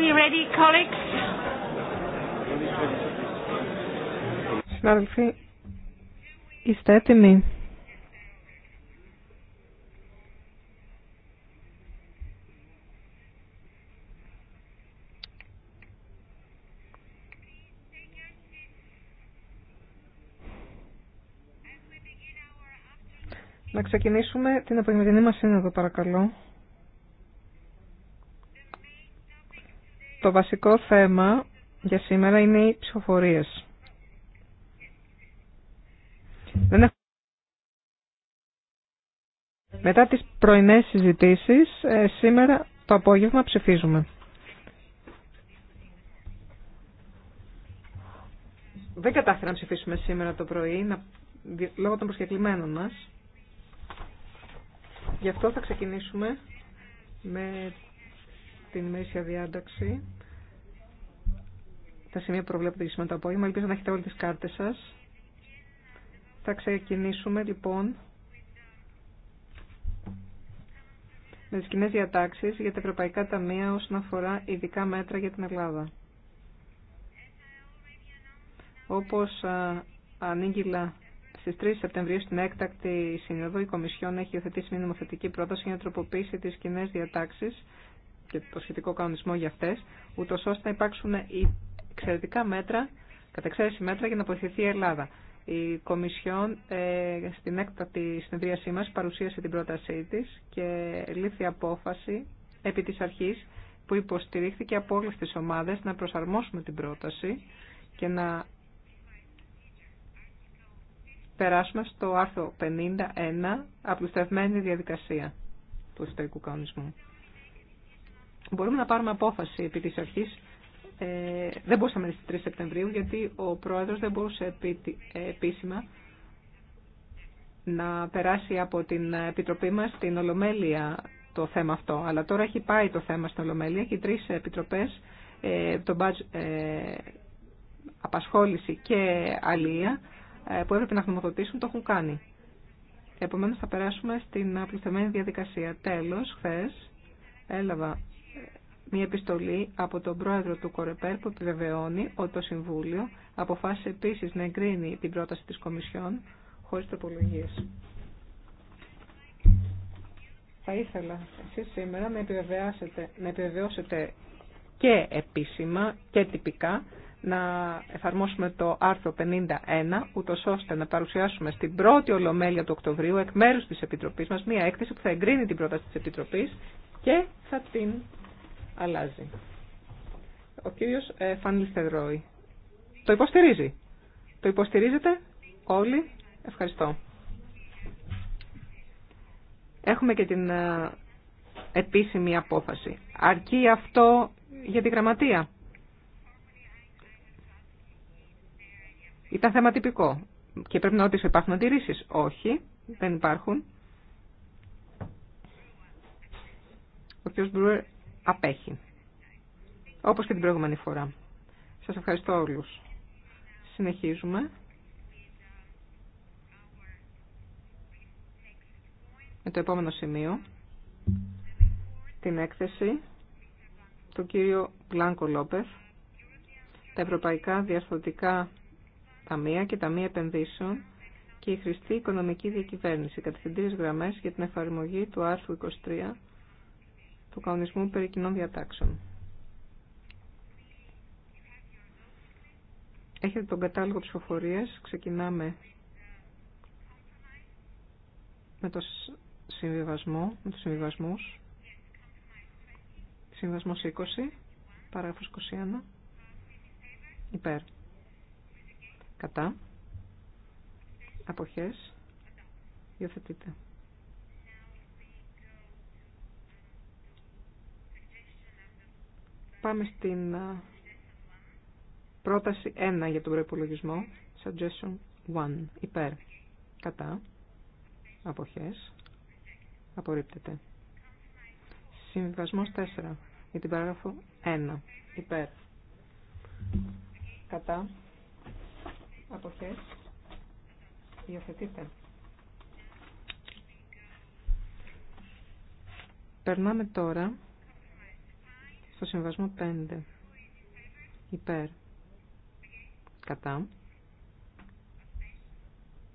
we ready, colleagues? Συνάδελφοι, είστε έτοιμοι. Να ξεκινήσουμε την απογευματινή μας σύνοδο, παρακαλώ. Το βασικό θέμα για σήμερα είναι οι ψηφοφορίες. Μετά τις πρωινές συζητήσεις, ε, σήμερα το απόγευμα ψηφίζουμε. Δεν κατάφερα να ψηφίσουμε σήμερα το πρωί, λόγω των προσκεκλημένων μας. Γι' αυτό θα ξεκινήσουμε με την ημερήσια διάταξη. Τα σημεία που προβλέπετε σήμερα το απόγευμα. Ελπίζω να έχετε όλες τις κάρτες σας. Θα ξεκινήσουμε λοιπόν με τι κοινέ διατάξεις για τα ευρωπαϊκά ταμεία όσον αφορά ειδικά μέτρα για την Ελλάδα. Όπως ανήγγυλα στις 3 Σεπτεμβρίου στην έκτακτη συνοδό η Κομισιόν έχει υιοθετήσει μια νομοθετική πρόταση για να τροποποιήσει τις κοινέ διατάξεις και το σχετικό κανονισμό για αυτές, ούτω ώστε να υπάρξουν εξαιρετικά μέτρα, κατεξαίρεση μέτρα για να βοηθηθεί η Ελλάδα. Η Κομισιόν ε, στην έκτατη συνεδρίασή μας παρουσίασε την πρότασή της και λήφθη απόφαση επί της αρχής που υποστηρίχθηκε από όλες τις ομάδες να προσαρμόσουμε την πρόταση και να περάσουμε στο άρθρο 51 απλουστευμένη διαδικασία του ιστορικού κανονισμού μπορούμε να πάρουμε απόφαση επί της αρχής. Ε, δεν μπορούσαμε στις 3 Σεπτεμβρίου γιατί ο Πρόεδρος δεν μπορούσε επίσημα να περάσει από την Επιτροπή μας την Ολομέλεια το θέμα αυτό. Αλλά τώρα έχει πάει το θέμα στην Ολομέλεια και οι τρεις επιτροπές, ε, το ε, απασχόληση και αλία, ε, που έπρεπε να χρηματοδοτήσουν, το έχουν κάνει. Επομένως θα περάσουμε στην απλουστευμένη διαδικασία. Τέλος, χθε έλαβα μια επιστολή από τον πρόεδρο του Κορεπέρ που επιβεβαιώνει ότι το Συμβούλιο αποφάσισε επίση να εγκρίνει την πρόταση τη Κομισιόν χωρί τροπολογίες. Θα ήθελα εσεί σήμερα να, να επιβεβαιώσετε και επίσημα και τυπικά να εφαρμόσουμε το άρθρο 51, ούτω ώστε να παρουσιάσουμε στην πρώτη Ολομέλεια του Οκτωβρίου εκ μέρου τη επιτροπή μα, μία έκθεση που θα εγκρίνει την πρόταση τη Επιτροπή και θα την αλλάζει. Ο κύριος ε, Το υποστηρίζει. Το υποστηρίζετε όλοι. Ευχαριστώ. Έχουμε και την ε, επίσημη απόφαση. Αρκεί αυτό για τη γραμματεία. Ήταν θέμα τυπικό. Και πρέπει να ρωτήσω, υπάρχουν αντιρρήσει. Όχι, δεν υπάρχουν. Ο κ. Μπρουερ απέχει. Όπως και την προηγούμενη φορά. Σας ευχαριστώ όλους. Συνεχίζουμε. Με το επόμενο σημείο, την έκθεση του κύριου Πλάνκο Λόπεθ, τα Ευρωπαϊκά Διαστατικά Ταμεία και Ταμεία Επενδύσεων και η Χρηστή Οικονομική Διακυβέρνηση, κατευθυντήρες γραμμές για την εφαρμογή του άρθρου 23 του κανονισμού περί κοινών διατάξεων. Έχετε τον κατάλογο ψηφοφορίες. Ξεκινάμε με το συμβιβασμό, με τους συμβιβασμού. Συμβασμό 20, παράγραφος 21. Υπέρ. Κατά. Αποχές. Υιοθετείτε. Πάμε στην ε, πρόταση 1 για τον προπολογισμό. Suggestion 1. Υπέρ. Κατά. Αποχές. Απορρίπτεται. Συμβιβασμός 4. Για την παράγραφο 1. Υπέρ. Κατά. Αποχές. Υιοθετείτε. Περνάμε τώρα στο συμβασμό 5 υπέρ κατά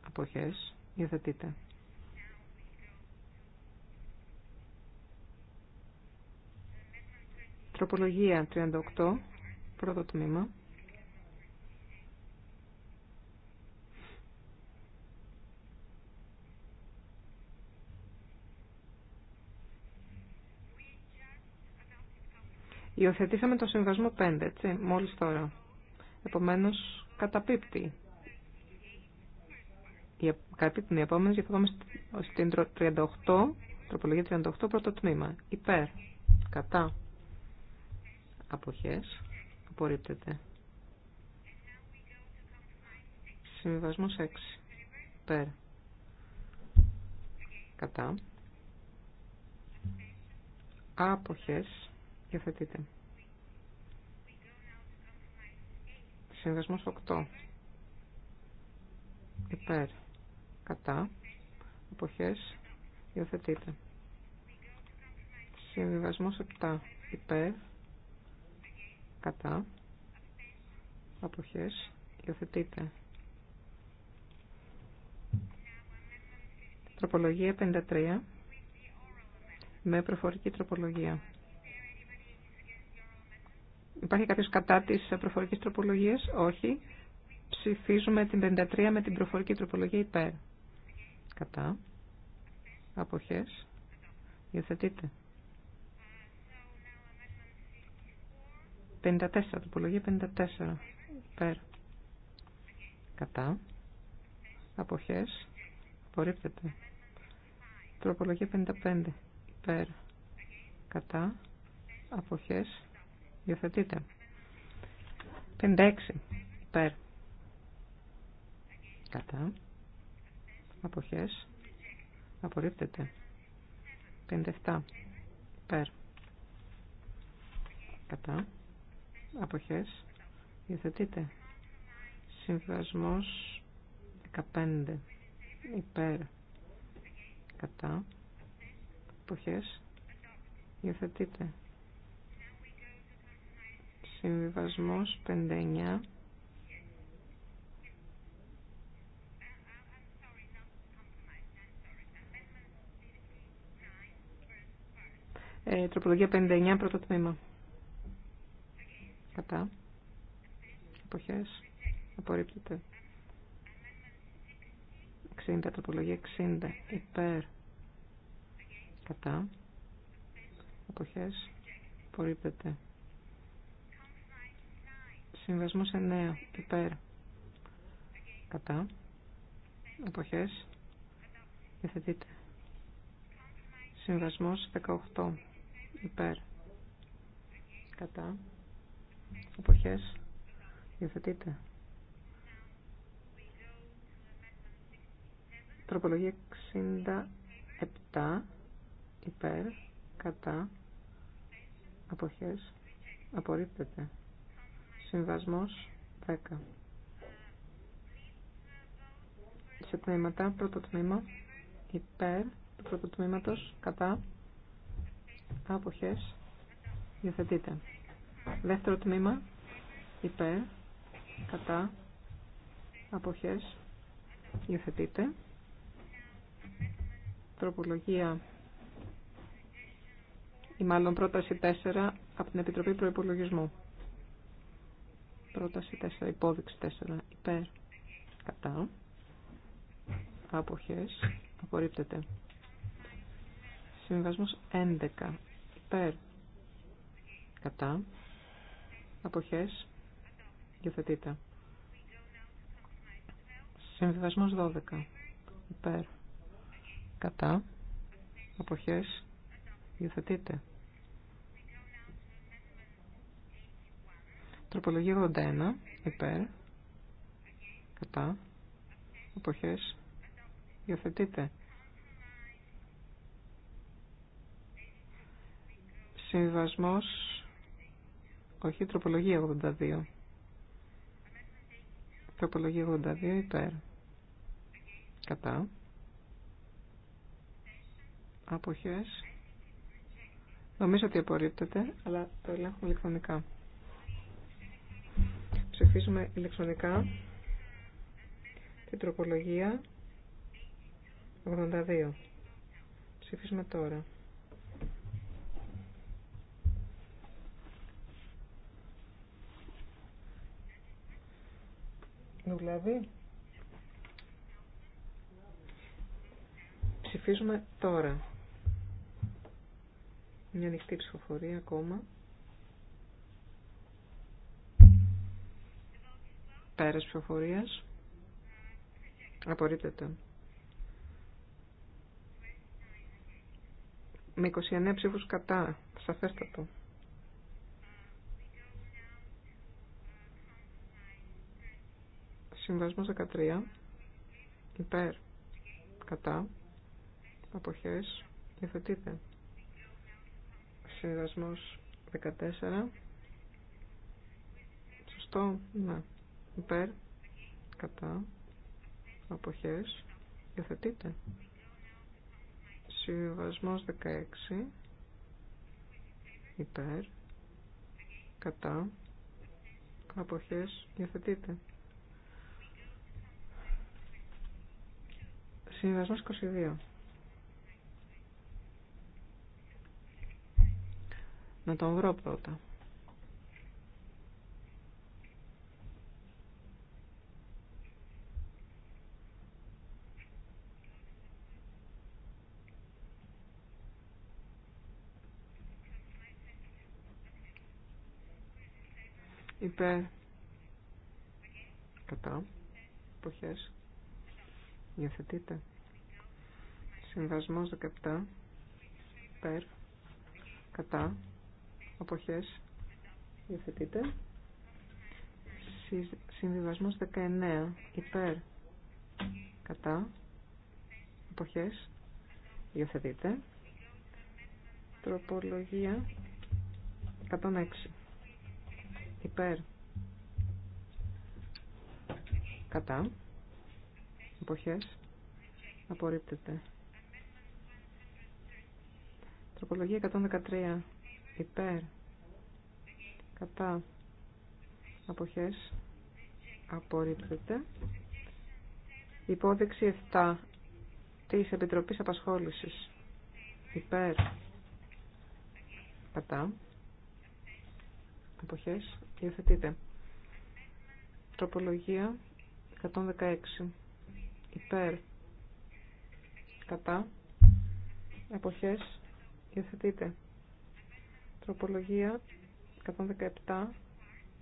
αποχές υιοθετείται. Τροπολογία 38, πρώτο τμήμα. Υιοθετήσαμε το συμβασμό 5, έτσι, μόλις τώρα. Επομένως, καταπίπτει. Καταπίπτουν οι επόμενες, γιατί πάμε στην 38, τροπολογία 38, πρώτο τμήμα. Υπέρ, κατά, αποχές, απορρίπτεται. Συμβασμός 6, υπέρ, κατά, άποχες, Υιοθετείτε. Συνδεσμός 8. Υπέρ. Κατά. Εποχές. Υιοθετείτε. Συνδεσμός 7. Υπέρ. Κατά. Αποχές. Υιοθετείτε. Τροπολογία 53. Με προφορική τροπολογία. Υπάρχει κάποιος κατά της προφορικής τροπολογίας. Όχι. Ψηφίζουμε την 53 με την προφορική τροπολογία υπέρ. Κατά. Αποχές. Υιοθετείτε. 54. Τροπολογία 54. Υπέρ. Κατά. Αποχές. Απορρίπτεται. Τροπολογία 55. Υπέρ. Κατά. Αποχές. Υιοθετείτε. 56. Περ. Κατά. Αποχές. Απορρίπτεται. 57. Υπέρ. Κατά. Αποχές. Υιοθετείτε. Συμβασμός 15. Υπέρ. Κατά. Αποχές. Υιοθετείτε. Συμβιβασμός 59. Ε, τροπολογία 59, πρώτο τμήμα. Κατά. Εποχές. Απορρίπτεται. 60, τροπολογία 60. Υπέρ. Κατά. Εποχές. Απορρίπτεται. Συμβασμός 9. Υπέρ. Κατά. Εποχές. Υθετείτε. Συμβασμό 18. Υπέρ. Κατά. Εποχές. Υιοθετείτε. Τροπολογία 67. Υπέρ. Κατά. Αποχές. Απορρίπτεται. Συμβασμός 10. Σε τμήματα, πρώτο τμήμα, υπέρ του πρώτου τμήματος, κατά, άποχες, υιοθετείται. Δεύτερο τμήμα, υπέρ, κατά, αποχές, υιοθετείτε. Τροπολογία ή μάλλον πρόταση 4 από την Επιτροπή Προϋπολογισμού. Πρόταση 4. Υπόδειξη 4. Υπέρ. Κατά. Αποχές. Απορρίπτεται. Συμβιβασμός 11. Υπέρ. Κατά. Αποχές. Υιοθετείται. Συμβιβασμός 12. Υπέρ. Κατά. Αποχές. Υιοθετείται. Τροπολογία 81. Υπέρ. Κατά. Εποχές. Υιοθετείτε. Συμβασμός. Όχι, τροπολογία 82. Τροπολογία 82 υπέρ. Κατά. Αποχές. Νομίζω ότι απορρίπτεται, αλλά το ελέγχουμε ηλεκτρονικά. Ψηφίζουμε ηλεκτρονικά την τροπολογία 82. Ψηφίζουμε τώρα. Δουλεύει. Ψηφίζουμε τώρα. Μια ανοιχτή ψηφοφορία ακόμα. Πέρας πληροφορίας. Απορρίπτεται. Με 29 ψήφους κατά. Σαφέστατο. Συμβασμός 13. Υπέρ. Κατά. Αποχές. Υιοθετείται. Συμβασμός 14. Σωστό. Ναι υπέρ κατά αποχές υιοθετείτε. συμβασμός 16 υπέρ κατά αποχές υιοθετείτε. συμβασμός 22 να τον βρω πρώτα υπέρ κατά εποχές υιοθετείται συμβασμός 17 υπέρ κατά εποχές υιοθετείται συμβιβασμός 19 υπέρ κατά εποχές υιοθετείται τροπολογία 106 υπέρ κατά εποχές απορρίπτεται τροπολογία 113 υπέρ κατά αποχές απορρίπτεται υπόδειξη 7 της Επιτροπής Απασχόλησης υπέρ κατά εποχές Υιοθετείτε. Τροπολογία 116. Υπέρ. Κατά. Αποχές. Υιοθετείτε. Τροπολογία 117.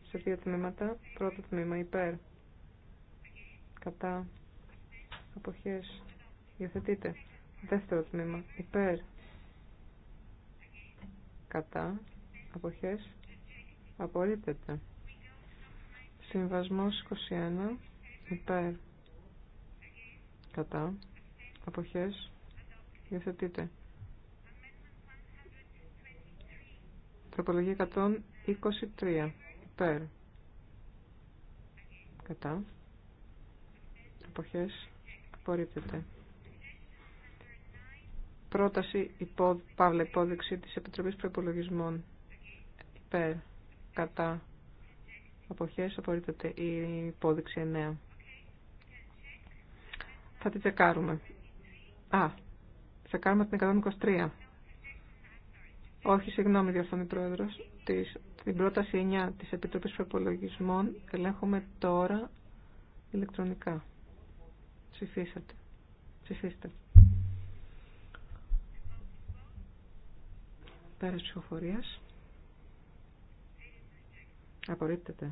Σε δύο τμήματα. Πρώτο τμήμα. Υπέρ. Κατά. Αποχές. Υιοθετείτε. Δεύτερο τμήμα. Υπέρ. Κατά. Αποχές. Απορρίπτεται. Συμβασμός 21. Υπέρ. Κατά. Αποχές. Υιοθετείται. Τροπολογία 123. Υπέρ. Κατά. Αποχές. Απορρίπτεται. Πρόταση υπό, παύλα υπόδειξη της Επιτροπής Προϋπολογισμών. Υπέρ κατά αποχές απορρίπτεται η υπόδειξη 9. Θα τη τσεκάρουμε. Α, τσεκάρουμε την 123. Όχι, συγγνώμη, διορθώνει πρόεδρος. Της, την πρόταση 9 της Επιτροπής Προπολογισμών ελέγχουμε τώρα ηλεκτρονικά. Ψηφίσατε. Ψηφίστε. Πέρας ψηφοφορίας. Απορρίπτεται.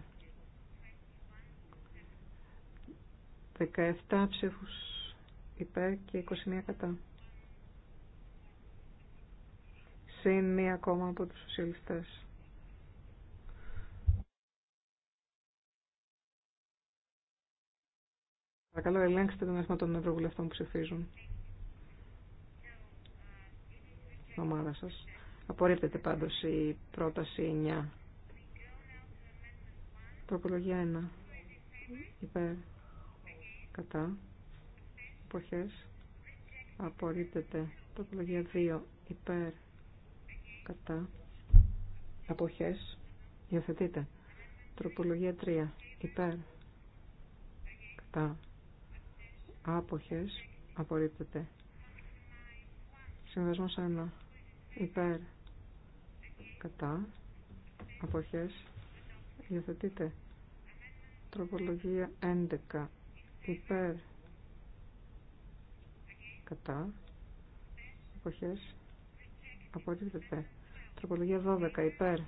17 ψήφους υπέρ και 21 κατά. Συν μία ακόμα από τους σοσιαλιστές. Παρακαλώ ελέγξτε τον αριθμό των ευρωβουλευτών που ψηφίζουν. Ομάδα σας. Απορρίπτεται πάντως η πρόταση 9. Τροπολογία 1. Υπέρ. Κατά. Εποχές. Απορρίπτεται. Τροπολογία 2. Υπέρ. Κατά. Αποχές. Υιοθετείται. Τροπολογία 3. Υπέρ. Κατά. Άποχες. Απορρίπτεται. Συνδεσμός 1. Υπέρ. Κατά. Αποχές Υιοθετείτε. Τροπολογία 11. Υπέρ. Κατά. Εποχές. Απορρίπτεται. Τροπολογία 12. Υπέρ.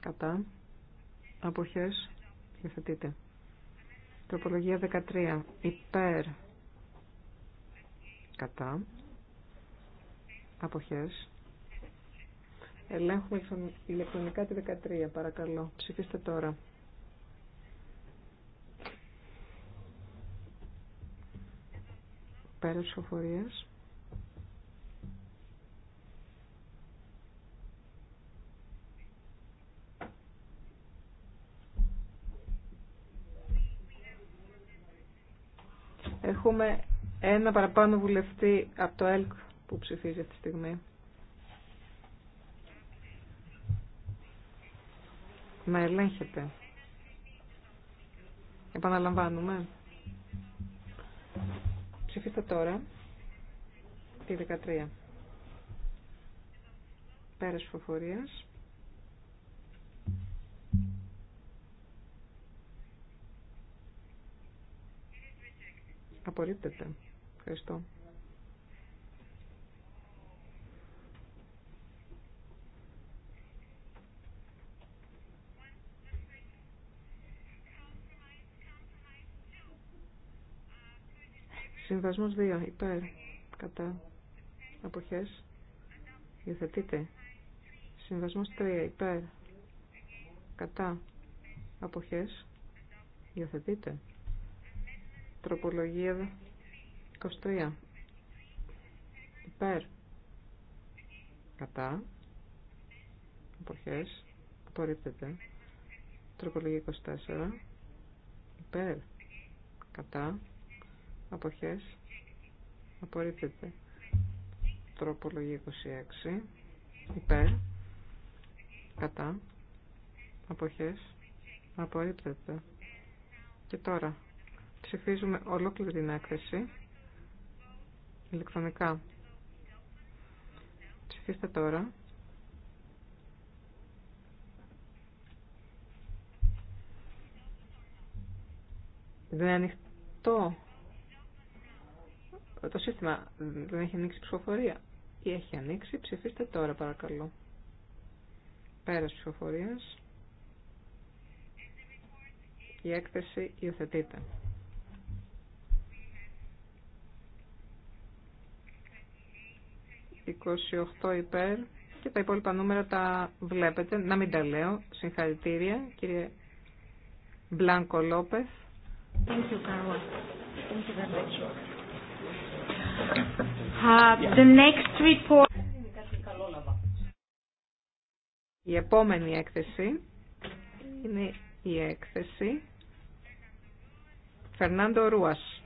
Κατά. Αποχές. Υιοθετείτε. Τροπολογία 13. Υπέρ. Κατά. Αποχές. Ελέγχουμε ηλεκτρονικά τη 13, παρακαλώ. Ψηφίστε τώρα. Πέρα ψηφοφορίας. Έχουμε ένα παραπάνω βουλευτή από το ΕΛΚ που ψηφίζει αυτή τη στιγμή. να ελέγχεται. Επαναλαμβάνουμε. Ψηφίστε τώρα τη 13. Πέρας φοφορίας. Απορρίπτεται. Ευχαριστώ. Συμβασμός 2. Υπέρ. Κατά. Αποχές. Υιοθετείτε. Συμβασμός 3. Υπέρ. Κατά. Αποχές. Υιοθετείτε. Τροπολογία 23. Υπέρ. Κατά. Αποχές. Απορρίπτεται. Τροπολογία 24. Υπέρ. Κατά αποχές απορρίπτεται τροπολογή 26 υπέρ κατά αποχές απορρίπτεται και τώρα ψηφίζουμε ολόκληρη την έκθεση ηλεκτρονικά ψηφίστε τώρα δεν είναι ανοιχτό το σύστημα δεν έχει ανοίξει ψηφοφορία. Ή έχει ανοίξει, ψηφίστε τώρα παρακαλώ. Πέρας ψηφοφορίας. Η έκθεση υιοθετείται. ...28 υπέρ και τα υπόλοιπα νούμερα τα βλέπετε. Να μην τα λέω. Συγχαρητήρια, κύριε Μπλάνκο Λόπεθ. Thank you, Thank you very much. Uh, η επόμενη έκθεση είναι η έκθεση Φερνάντο Ρούας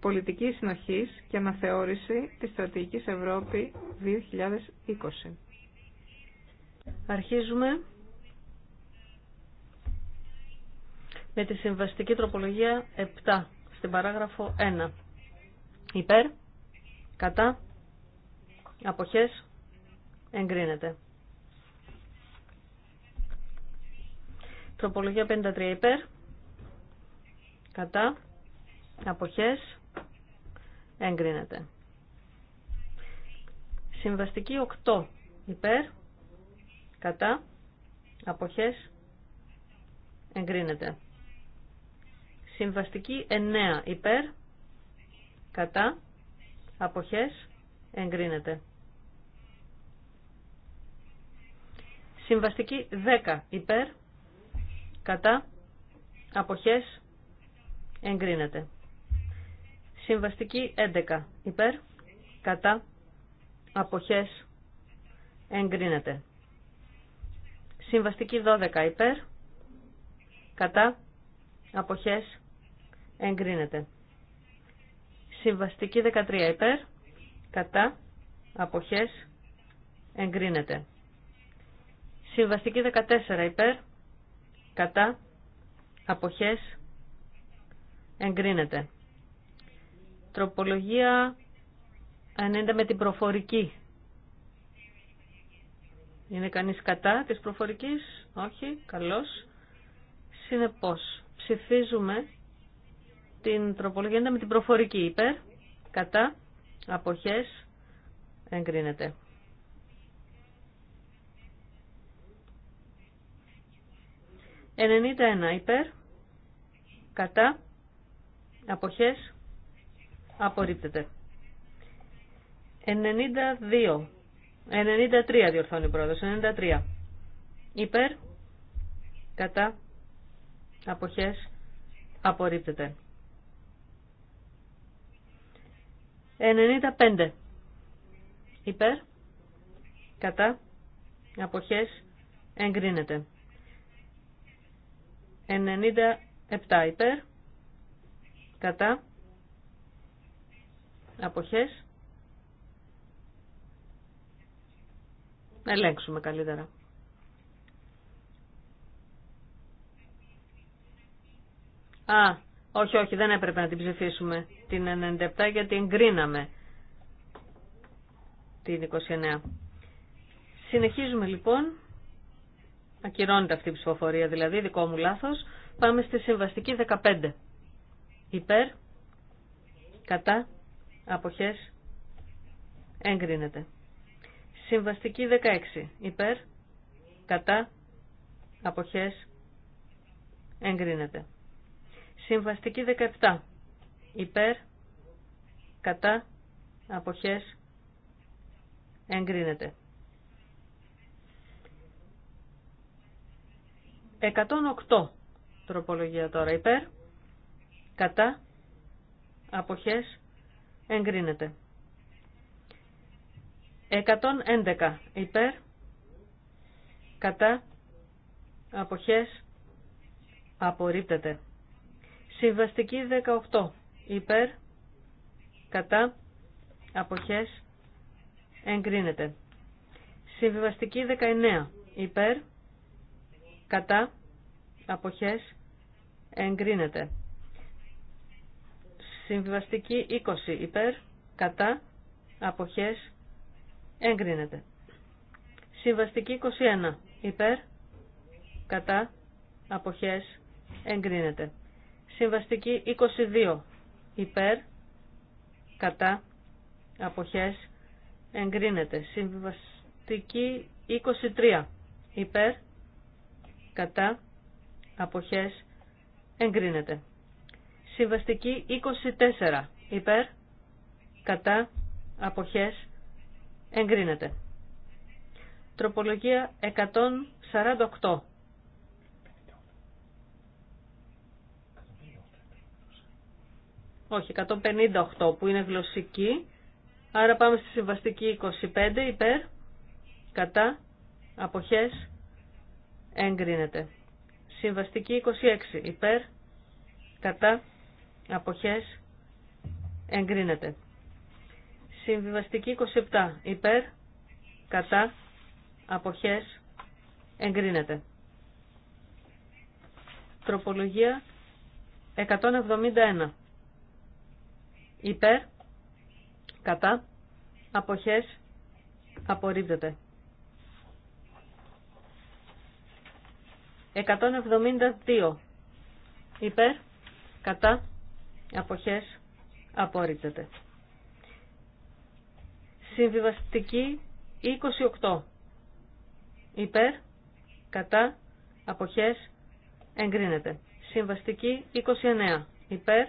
Πολιτική συνοχή και αναθεώρηση της στρατηγικής Ευρώπη 2020. Αρχίζουμε με τη συμβαστική τροπολογία 7 στην παράγραφο 1. Υπέρ Κατά. Αποχές. Εγκρίνεται. Τροπολογία 53 υπέρ. Κατά. Αποχές. Εγκρίνεται. Συμβαστική 8 υπέρ. Κατά. Αποχές. Εγκρίνεται. Συμβαστική 9 υπέρ. Κατά αποχές εγκρίνεται. Συμβαστική 10 υπέρ, κατά, αποχές εγκρίνεται. Συμβαστική 11 υπέρ, κατά, αποχές εγκρίνεται. Συμβαστική 12 υπέρ, κατά, αποχές εγκρίνεται. Συμβαστική 13 υπέρ, κατά, αποχές, εγκρίνεται. Συμβαστική 14 υπέρ, κατά, αποχές, εγκρίνεται. Τροπολογία 90 με την προφορική. Είναι κανείς κατά της προφορικής, όχι, καλός. Συνεπώς, ψηφίζουμε την τροπολογία με την προφορική υπέρ, κατά, αποχές, εγκρίνεται. 91 υπέρ, κατά, αποχές, απορρίπτεται. 92. 93 διορθώνει η πρόεδρος. 93. Υπέρ. Κατά. Αποχές. Απορρίπτεται. 95. Υπέρ. Κατά. Αποχές. Εγκρίνεται. 97 υπέρ. Κατά. Αποχές. Ελέγξουμε καλύτερα. Α, όχι, όχι, δεν έπρεπε να την ψηφίσουμε την 97 γιατί εγκρίναμε την 29. Συνεχίζουμε λοιπόν. Ακυρώνεται αυτή η ψηφοφορία δηλαδή, δικό μου λάθος. Πάμε στη συμβαστική 15. Υπέρ, κατά, αποχές, εγκρίνεται. Συμβαστική 16. Υπέρ, κατά, αποχές, εγκρίνεται. Συμβαστική 17. Υπέρ, κατά, αποχές, εγκρίνεται. 108 τροπολογία τώρα. Υπέρ, κατά, αποχές, εγκρίνεται. 111 υπέρ, κατά, αποχές, απορρίπτεται. Συμβαστική 18. Υπέρ, κατά, αποχές, εγκρίνεται. Συμβαστική 19. Υπέρ, κατά, αποχές, εγκρίνεται. Συμβαστική 20. Υπέρ, κατά, αποχές, εγκρίνεται. Συμβαστική 21. Υπέρ, κατά, αποχές, εγκρίνεται. Συμβαστική 22. Υπέρ, κατά, αποχές, εγκρίνεται. Συμβαστική 23. Υπέρ, κατά, αποχές, εγκρίνεται. Συμβαστική 24. Υπέρ, κατά, αποχές, εγκρίνεται. Τροπολογία 148. όχι 158 που είναι γλωσσική. Άρα πάμε στη συμβαστική 25 υπέρ, κατά, αποχές, εγκρίνεται. Συμβαστική 26 υπέρ, κατά, αποχές, εγκρίνεται. Συμβαστική 27 υπέρ, κατά, αποχές, εγκρίνεται. Τροπολογία 171 υπέρ, κατά, αποχές, απορρίπτεται. 172 υπέρ, κατά, αποχές, απορρίπτεται. Συμβιβαστική 28 υπέρ, κατά, αποχές, εγκρίνεται. Συμβαστική 29 υπέρ,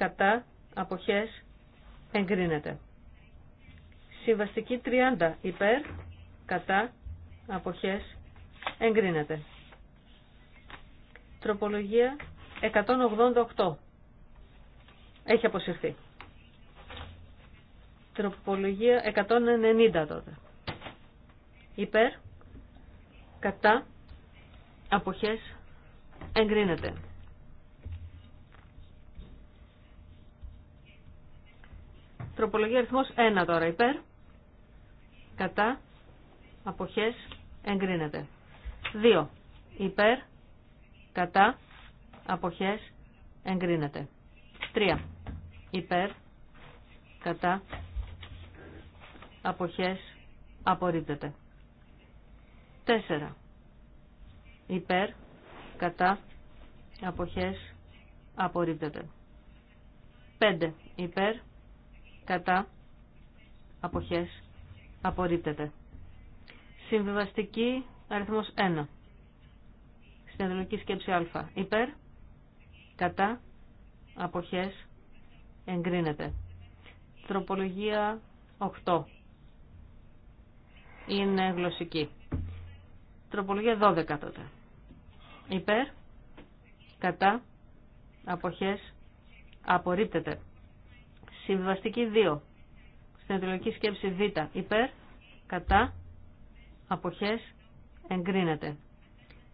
κατά, αποχές, εγκρίνεται. Συμβαστική 30 υπέρ, κατά, αποχές, εγκρίνεται. Τροπολογία 188. Έχει αποσυρθεί. Τροπολογία 190 τότε. Υπέρ, κατά, αποχές, εγκρίνεται. Τροπολογία αριθμός 1 τώρα υπέρ. Κατά. Αποχές. Εγκρίνεται. 2. Υπέρ. Κατά. Αποχές. Εγκρίνεται. 3. Υπέρ. Κατά. Αποχές. Απορρίπτεται. 4. Υπέρ. Κατά. Αποχές. Απορρίπτεται. 5. Υπέρ κατά αποχές απορρίπτεται. Συμβιβαστική αριθμός 1. Συνεδρική σκέψη α. Υπέρ, κατά, αποχές, εγκρίνεται. Τροπολογία 8. Είναι γλωσσική. Τροπολογία 12 τότε. Υπέρ, κατά, αποχές, απορρίπτεται. Συμβιβαστική 2. Στην σκέψη Β. Υπέρ, κατά, αποχές, εγκρίνεται.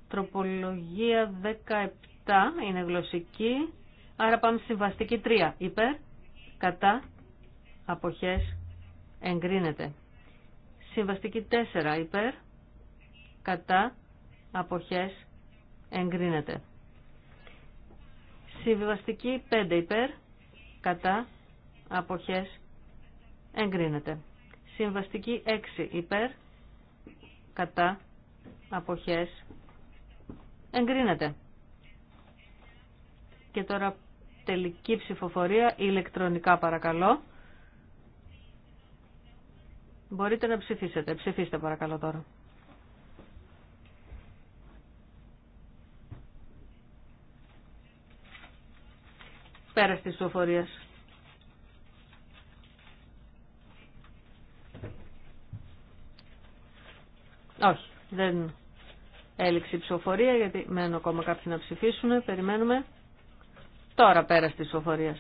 Τροπολογία 17 είναι γλωσσική, άρα πάμε στη συμβαστική 3. Υπέρ, κατά, αποχές, εγκρίνεται. Συμβαστική 4. Υπέρ, κατά, αποχές, εγκρίνεται. Συμβιβαστική 5 υπέρ, κατά, αποχές εγκρίνεται. Συμβαστική 6 υπέρ, κατά, αποχές εγκρίνεται. Και τώρα τελική ψηφοφορία ηλεκτρονικά παρακαλώ. Μπορείτε να ψηφίσετε. Ψηφίστε παρακαλώ τώρα. Πέρα τη ψηφοφορία. Όχι, δεν έληξε η ψηφοφορία γιατί μένουν ακόμα κάποιοι να ψηφίσουν. Περιμένουμε. Τώρα πέρα τη ψηφοφορία.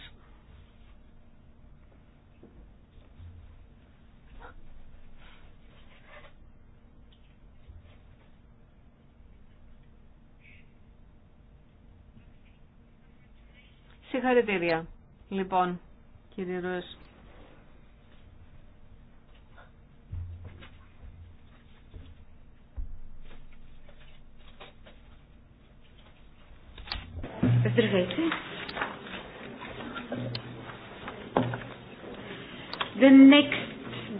Συγχαρητήρια. Λοιπόν, κύριε Здравейте.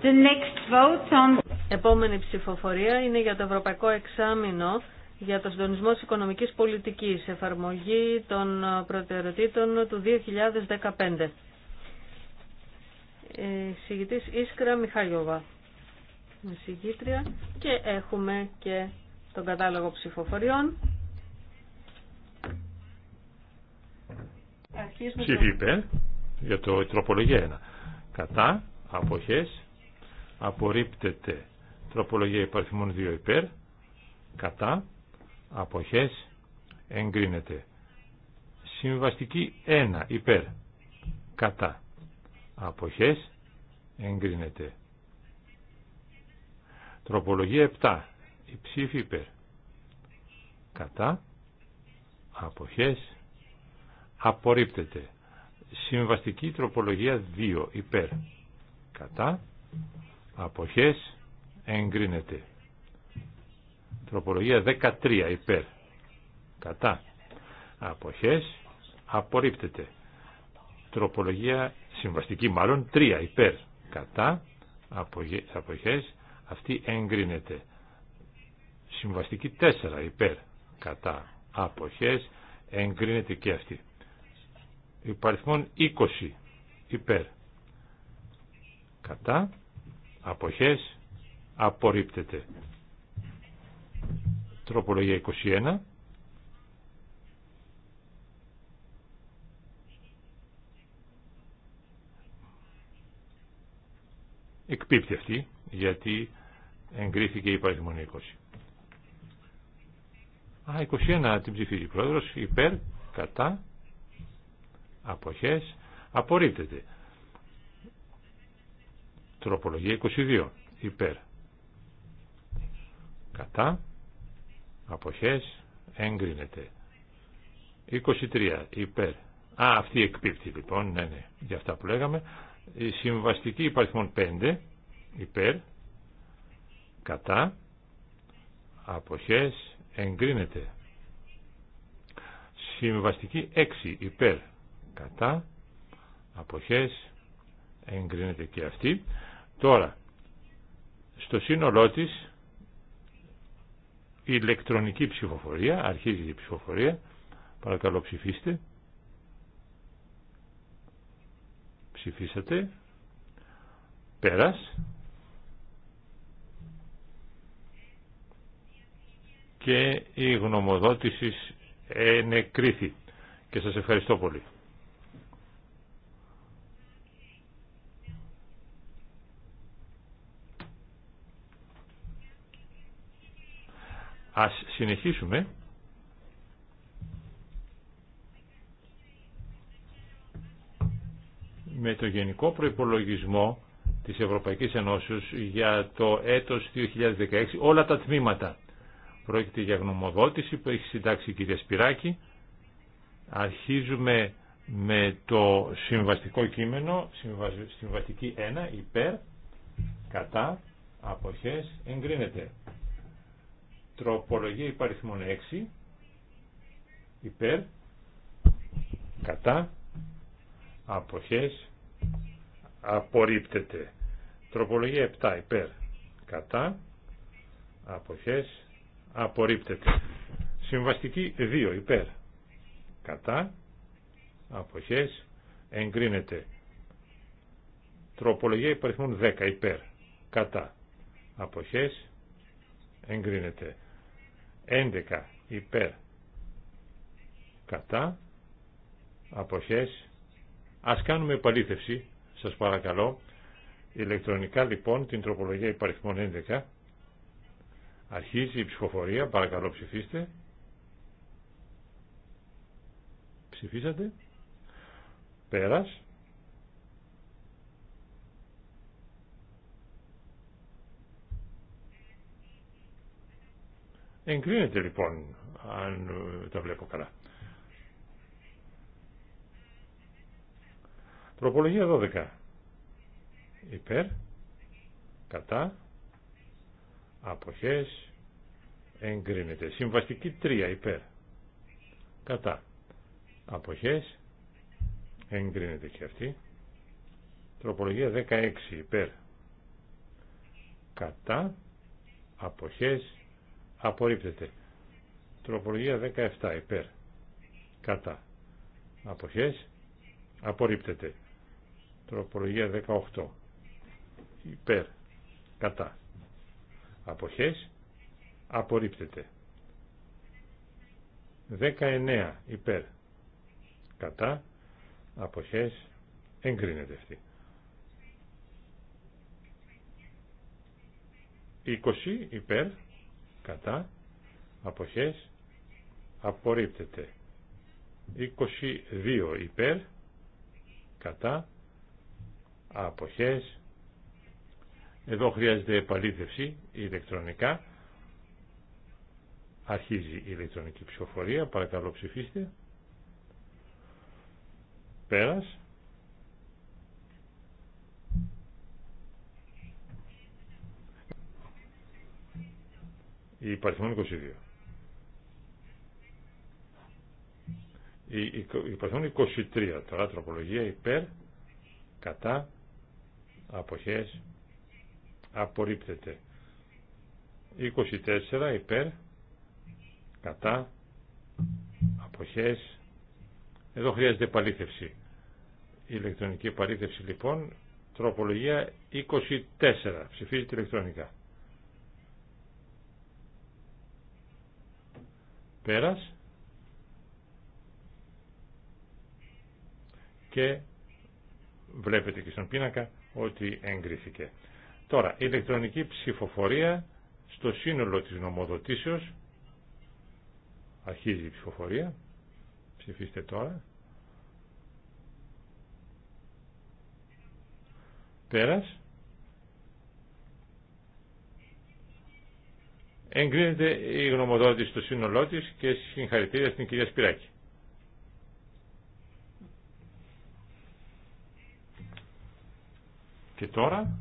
The next, Επόμενη ψηφοφορία είναι για το Ευρωπαϊκό Εξάμεινο για το συντονισμό της οικονομικής πολιτικής, εφαρμογή των προτεραιοτήτων του 2015. Ε, συγητής Ίσκρα Μιχαλιώβα. Συγγήτρια και έχουμε και τον κατάλογο ψηφοφοριών. Ψήφι υπέρ για το τροπολογία 1. Κατά αποχές απορρίπτεται τροπολογία υπαριθμών 2 υπέρ. Κατά αποχές εγκρίνεται. Συμβαστική 1 υπέρ. Κατά αποχές εγκρίνεται. Τροπολογία 7. Η ψήφι υπέρ. Κατά. Αποχές απορρίπτεται. Συμβαστική τροπολογία 2 υπέρ. Κατά. Αποχές εγκρίνεται. Τροπολογία 13 υπέρ. Κατά. Αποχές απορρίπτεται. Τροπολογία συμβαστική μάλλον 3 υπέρ. Κατά. Αποχές αυτή εγκρίνεται. Συμβαστική 4 υπέρ. Κατά. Αποχές εγκρίνεται και αυτή υπαριθμών 20 υπέρ κατά αποχές απορρίπτεται τροπολογία 21 εκπίπτει αυτή γιατί εγκρίθηκε η παριθμονή 20 Α, 21 την ψηφίζει πρόεδρος υπέρ, κατά αποχές απορρίπτεται. Τροπολογία 22 υπέρ κατά αποχές εγκρίνεται. 23 υπέρ. Α, αυτή εκπίπτει λοιπόν, ναι, ναι, για αυτά που λέγαμε. Η συμβαστική υπαριθμών 5 υπέρ κατά αποχές εγκρίνεται. Συμβαστική 6 υπέρ κατά αποχές εγκρίνεται και αυτή τώρα στο σύνολό της η ηλεκτρονική ψηφοφορία αρχίζει η ψηφοφορία παρακαλώ ψηφίστε ψηφίσατε πέρας και η γνωμοδότηση ενεκρίθη και σας ευχαριστώ πολύ. Ας συνεχίσουμε. με το Γενικό Προϋπολογισμό της Ευρωπαϊκής Ενώσεως για το έτος 2016 όλα τα τμήματα. Πρόκειται για γνωμοδότηση που έχει συντάξει η κυρία Σπυράκη. Αρχίζουμε με το συμβαστικό κείμενο, συμβαστική 1, υπέρ, κατά, αποχές, εγκρίνεται. Τροπολογία υπαριθμών 6 υπέρ κατά αποχές απορρίπτεται. Τροπολογία 7 υπέρ κατά αποχές απορρίπτεται. Συμβαστική 2 υπέρ κατά αποχές εγκρίνεται. Τροπολογία υπαριθμών 10 υπέρ κατά αποχές εγκρίνεται. 11 υπέρ κατά αποχές ας κάνουμε επαλήθευση σας παρακαλώ ηλεκτρονικά λοιπόν την τροπολογία υπαριθμών 11 αρχίζει η ψηφοφορία παρακαλώ ψηφίστε ψηφίσατε πέρας Εγκρίνεται λοιπόν, αν ε, τα βλέπω καλά. Τροπολογία 12. Υπέρ, κατά, αποχές, εγκρίνεται. Συμβαστική 3. Υπέρ, κατά, αποχές, εγκρίνεται και αυτή. Τροπολογία 16. Υπέρ, κατά, αποχές, απορρίπτεται. Τροπολογία 17 υπέρ. Κατά. Αποχές. Απορρίπτεται. Τροπολογία 18. Υπέρ. Κατά. Αποχές. Απορρίπτεται. 19 υπέρ. Κατά. Αποχές. Εγκρίνεται αυτή. 20 υπέρ κατά αποχές απορρίπτεται 22 υπέρ κατά αποχές εδώ χρειάζεται επαλήθευση ηλεκτρονικά αρχίζει η ηλεκτρονική ψηφοφορία παρακαλώ ψηφίστε πέρας η παριθμόν 22. Η παριθμόν 23 τώρα τροπολογία υπέρ κατά αποχές απορρίπτεται. 24 υπέρ κατά αποχές εδώ χρειάζεται παρήθευση Η ηλεκτρονική παρήθευση λοιπόν τροπολογία 24 ψηφίζεται ηλεκτρονικά. Πέρας. Και βλέπετε και στον πίνακα ότι εγκρίθηκε. Τώρα, η ηλεκτρονική ψηφοφορία στο σύνολο της νομοδοτήσεως. Αρχίζει η ψηφοφορία. Ψηφίστε τώρα. Πέρας. Εγκρίνεται η γνωμοδότηση στο σύνολό τη και συγχαρητήρια στην κυρία Σπυράκη. Και τώρα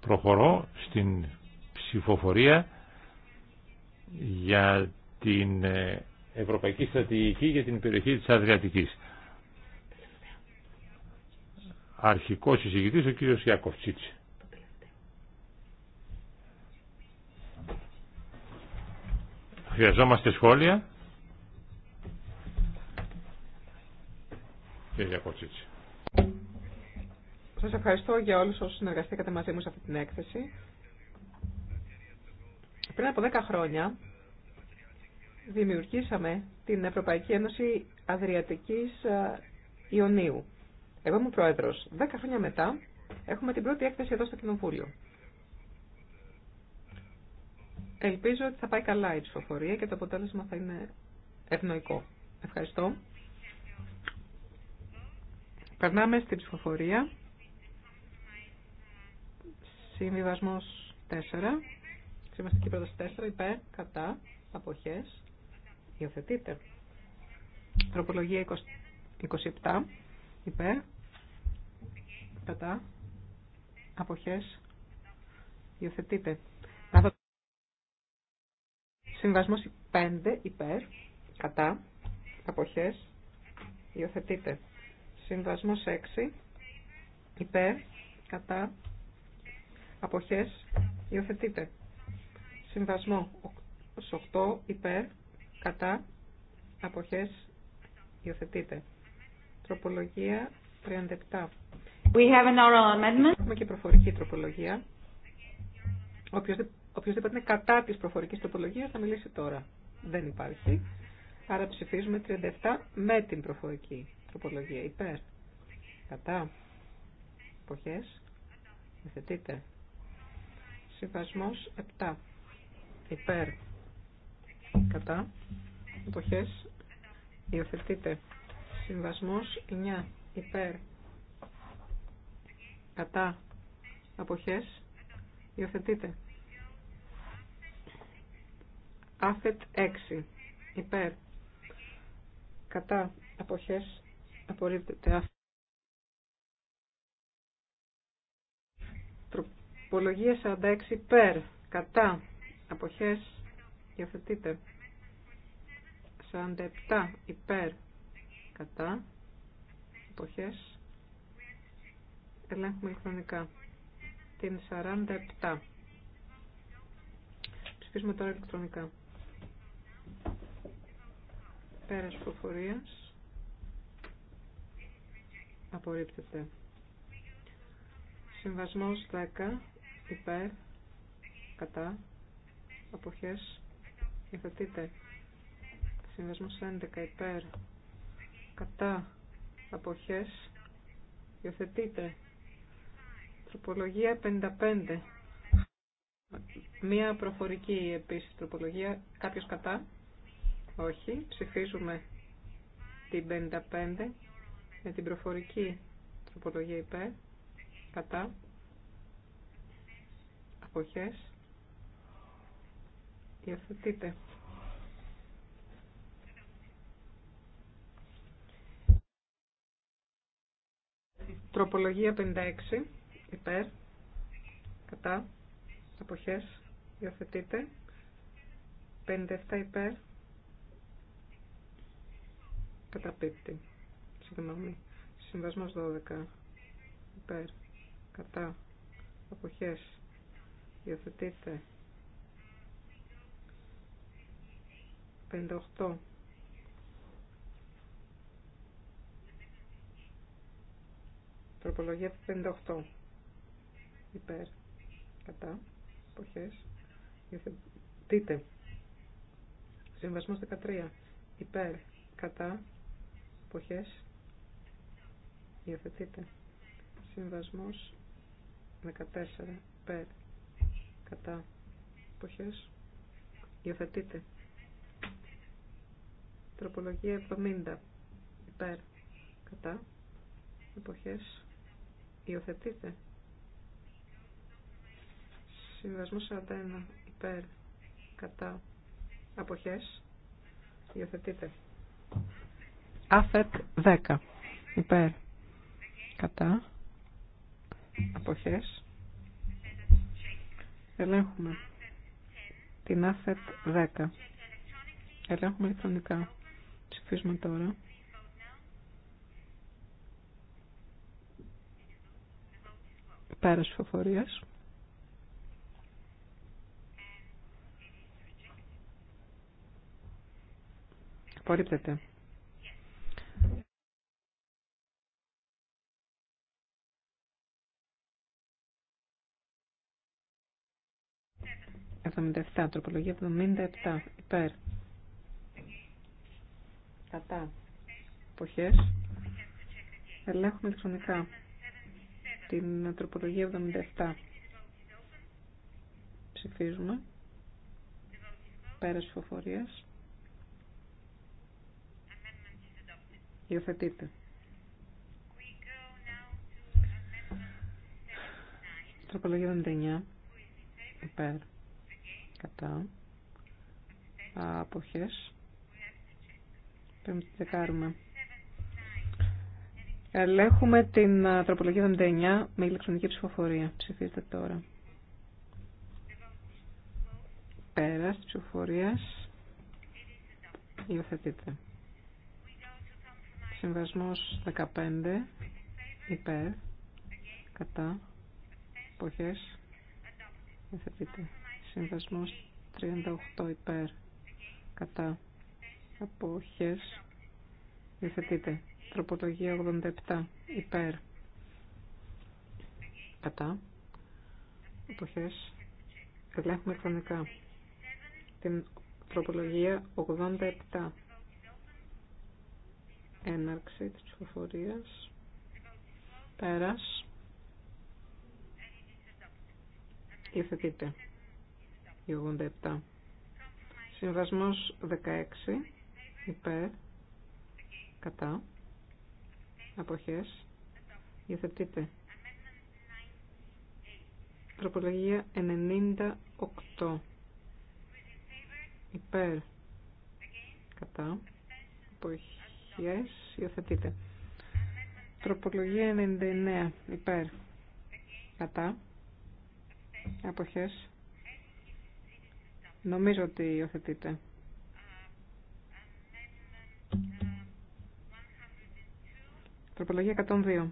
προχωρώ στην ψηφοφορία για την ε, Ευρωπαϊκή Στρατηγική για την περιοχή της Αδριατικής. Αρχικός συζητητής ο κύριος Ιακοφτσίτση. Χρειαζόμαστε σχόλια. Κύριε Σας ευχαριστώ για όλους όσους συνεργαστήκατε μαζί μου σε αυτή την έκθεση. Πριν από 10 χρόνια δημιουργήσαμε την Ευρωπαϊκή Ένωση Αδριατικής ε, Ιωνίου. Εγώ είμαι πρόεδρος. 10 χρόνια μετά έχουμε την πρώτη έκθεση εδώ στο Κοινοβούλιο. Ελπίζω ότι θα πάει καλά η ψηφοφορία και το αποτέλεσμα θα είναι ευνοϊκό. Ευχαριστώ. Περνάμε στην ψηφοφορία. Συμβιβασμό 4. Συμβαστική πρόταση 4. Υπέρ, κατά, αποχέ. Υιοθετείτε. Τροπολογία 27. Υπέρ, κατά, αποχέ. Υιοθετείτε. Συμβασμό 5 υπέρ, κατά, αποχέ, υιοθετείται. Συμβασμό 6 υπέρ, κατά, αποχέ, υιοθετείται. Συμβασμό 8 υπέρ, κατά, αποχέ, υιοθετείται. Τροπολογία 37. We have an oral amendment. Έχουμε και προφορική τροπολογία. Όποιος δεν οποιοδήποτε είναι κατά της προφορικής τροπολογίας θα μιλήσει τώρα. Δεν υπάρχει. Άρα ψηφίζουμε 37 με την προφορική τροπολογία. Υπέρ. Κατά. Εποχές. υιοθετείτε. Συμβασμός 7. Υπέρ. Κατά. Εποχές. Υιοθετείτε. Συμβασμός 9. Υπέρ. Κατά. Αποχές. Υιοθετείτε. Άφετ 6. Υπέρ. Κατά. Αποχές. Απορρίπτεται. Τροπολογία 46. Υπέρ. Κατά. Αποχές. Υιοθετείτε. 47. Υπέρ. Κατά. Αποχές. Ελέγχουμε ηλεκτρονικά. Την 47. Ψηφίζουμε τώρα ηλεκτρονικά. Πέρας προφορίας. Απορρίπτεται. Συμβασμός 10. Υπέρ. Κατά. Αποχές. Υιοθετείται. Συμβασμός 11. Υπέρ. Κατά. Αποχές. Υιοθετείται. Τροπολογία 55. Μία προφορική επίσης τροπολογία. Κάποιος κατά. Όχι. Ψηφίζουμε την 55 με την προφορική τροπολογία υπέρ. Κατά. Αποχές. Υιοθετείτε. Τροπολογία 56 υπέρ. Κατά. Αποχές. Υιοθετείτε. 57 υπέρ Καταπίπτει. Συγγνώμη. συμβασμό 12. Υπέρ. Κατά. Αποχέ. Υιοθετείτε. 58. Τροπολογία 58. Υπέρ. Κατά. Αποχέ. Υιοθετείτε. Συμβασμό 13. Υπέρ. Κατά αποχές υιοθετείται συμβασμός 14 Περ. κατά εποχές υιοθετείται τροπολογία 70 Περ. κατά εποχές υιοθετείται συμβασμό 41 υπέρ κατά αποχές υιοθετείται ΑΦΕΤ 10. Υπέρ. Κατά. Αποχές. Ελέγχουμε. Την ΑΦΕΤ 10. Ελέγχουμε ηλεκτρονικά. Ψηφίζουμε τώρα. Πέρας φοφορίας. Απορρίπτεται. 77, τροπολογία 77, υπέρ. Κατά. Εποχές. Ελέγχουμε ηλεκτρονικά την τροπολογία 77. Ψηφίζουμε. Πέρας φοφορίας. Υιοθετείτε. Τροπολογία 79. Υπέρ κατά αποχές πρέπει να τη ελέγχουμε την τροπολογία 99 με ηλεκτρονική ψηφοφορία ψηφίστε τώρα πέρας της ψηφοφορίας υιοθετείτε συμβασμός 15 υπέρ κατά αποχές υιοθετείτε Συνδεσμός 38 υπέρ κατά αποχές υιοθετείται. Τροπολογία 87 υπέρ κατά αποχές ελέγχουμε χρονικά. Την τροπολογία 87 έναρξη της ψηφοφορίας πέρας υιοθετείται. 87. Συμβασμός 16 υπέρ κατά αποχές υιοθετείτε. Τροπολογία 98 υπέρ κατά αποχές υιοθετείτε. Τροπολογία 99 υπέρ κατά αποχές Νομίζω ότι υιοθετείτε. Τροπολογία 102.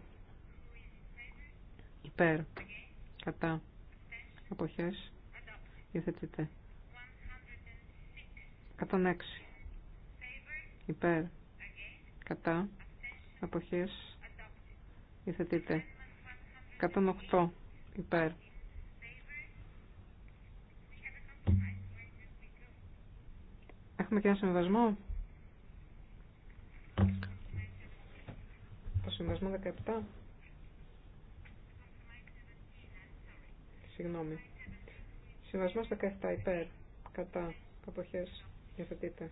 Υπέρ. Κατά. Αποχές. Υιοθετείτε. 106. Υπέρ. Κατά. Αποχές. υιοθετείτε. 108. Υπέρ. Έχουμε και ένα συμβασμό. Το συμβασμό 17. Συγγνώμη. Συμβασμό 17 υπέρ. Κατά. Αποχέ. Υιοθετείται.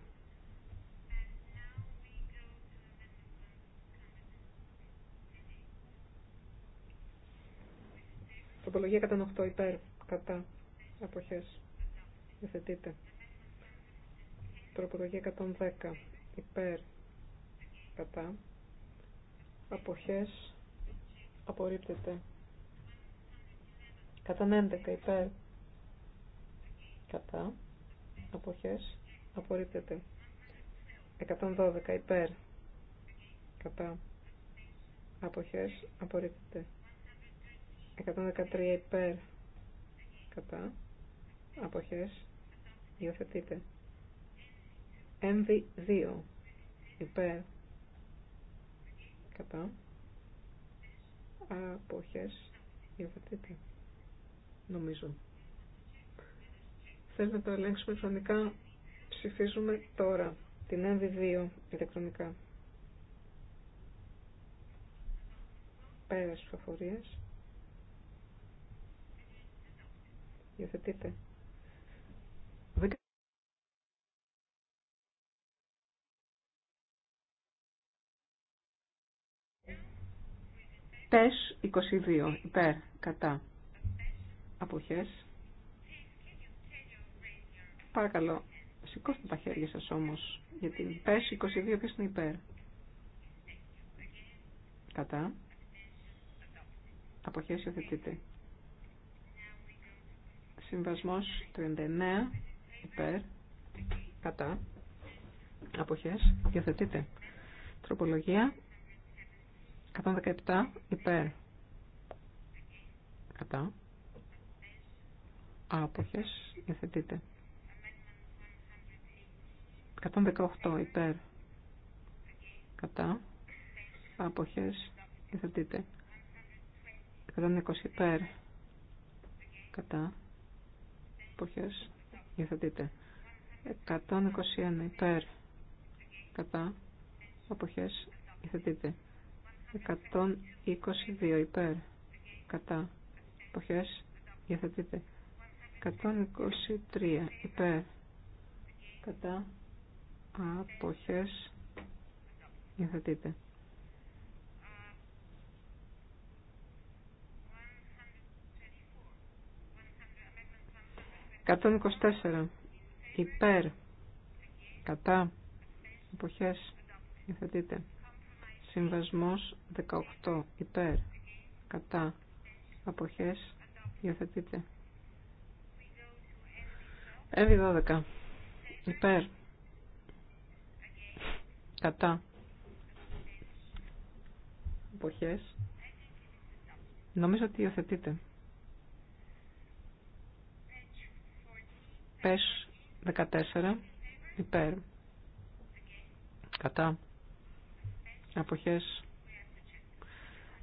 Τροπολογία 108 υπέρ. Κατά. Αποχέ. Υιοθετείται. Τροπολογία 110. Υπέρ. Κατά. Αποχές. Απορρίπτεται. 111. Υπέρ. Κατά. Αποχές. Απορρίπτεται. 112. Υπέρ. Κατά. Αποχές. Απορρίπτεται. 113. Υπέρ. Κατά. Αποχές. Υιοθετείται. MV2 υπέρ κατά αποχές υιοθετείται νομίζω Θέλω να το ελέγξουμε ηλεκτρονικά ψηφίζουμε τώρα την MV2 ηλεκτρονικά Πέρα τι ψηφοφορίας υιοθετείται Πες 22. Υπέρ. Κατά. Αποχές. Παρακαλώ. Σηκώστε τα χέρια σας όμως. Γιατί πες 22 ποιος είναι υπέρ. Κατά. Αποχές υιοθετείται. Συμβασμός 39. Υπέρ. Κατά. Αποχές. Υιοθετείτε. Τροπολογία 117 υπέρ κατά άποχες υιοθετείτε. 118 υπέρ κατά άποχες υιοθετείτε. 120 υπέρ κατά άποχες υιοθετείτε. 121 υπέρ κατά αποχές υιοθετείτε. 122 υπέρ κατά εποχές διαθετείτε 123 υπέρ κατά αποχές Κατόν 124 υπέρ κατά εποχές διαθετείται Συμβασμός 18 υπέρ κατά αποχές υιοθετείται. Εύη 12 υπέρ κατά αποχές νομίζω ότι υιοθετείται. Πες 14 υπέρ κατά αποχές.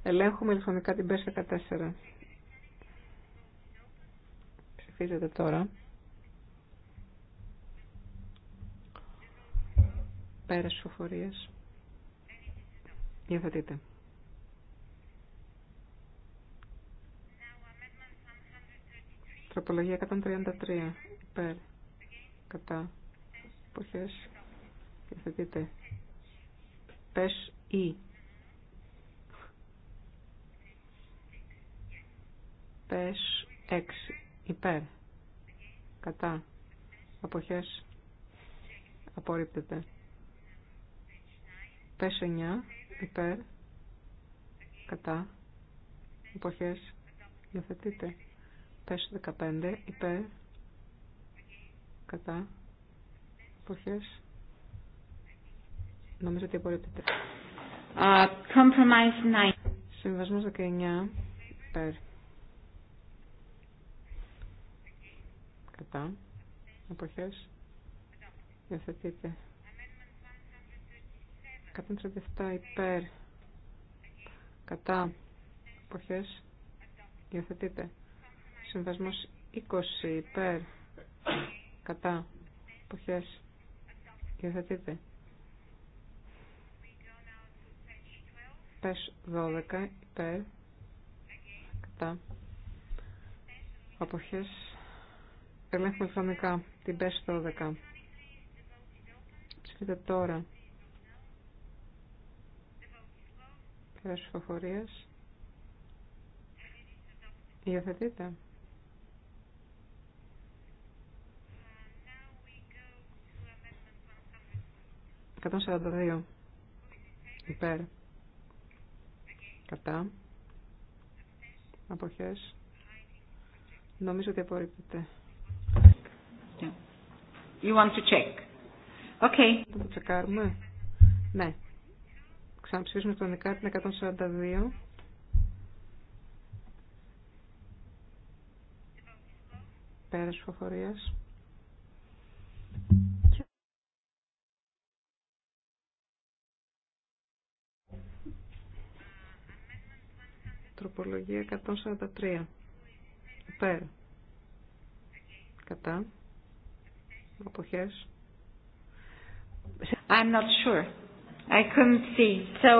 Ελέγχουμε ηλεκτρονικά την ΠΕΣ 14. Ψηφίζεται τώρα. Πέρας ψηφοφορίας. Υιοθετείτε. Τροπολογία 133. Υπέρ. Κατά. Εποχές. Υιοθετείτε. Πες ή. Πες 6. Υπέρ. Κατά. Αποχές. Απορρίπτεται. Πες 9. Υπέρ. Κατά. Αποχές. Υιοθετείται. Πες 15. Υπέρ. Κατά. Αποχές. Νομίζω ότι απορρίπτεται. Συμβασμό Συμβασμός 19. Περ. Κατά. εποχέ. Υιοθετείτε. 137 υπέρ. Κατά. εποχές Υιοθετείτε. Συμβασμός 20 υπέρ. Κατά. Αποχές. Υιοθετείτε. Πες 12 υπέρ. Κατά. Αποχές. Ελέγχουμε χρονικά την πες 12. Ψηφίτε τώρα. Πέρας ψηφοφορίας. Υιοθετείτε. Εκατόν σαράντα Υπέρ. Κατά. Αποχές. Νομίζω ότι απορρίπτεται. Yeah. You want to check. Okay. Θα το τσεκάρουμε. Ναι. Ξαναψηφίσουμε στον την 142. Πέρας φοφορίας. ανθρωπολογία 143. Υπέρ. Κατά. Αποχές. I'm not sure. I couldn't see. So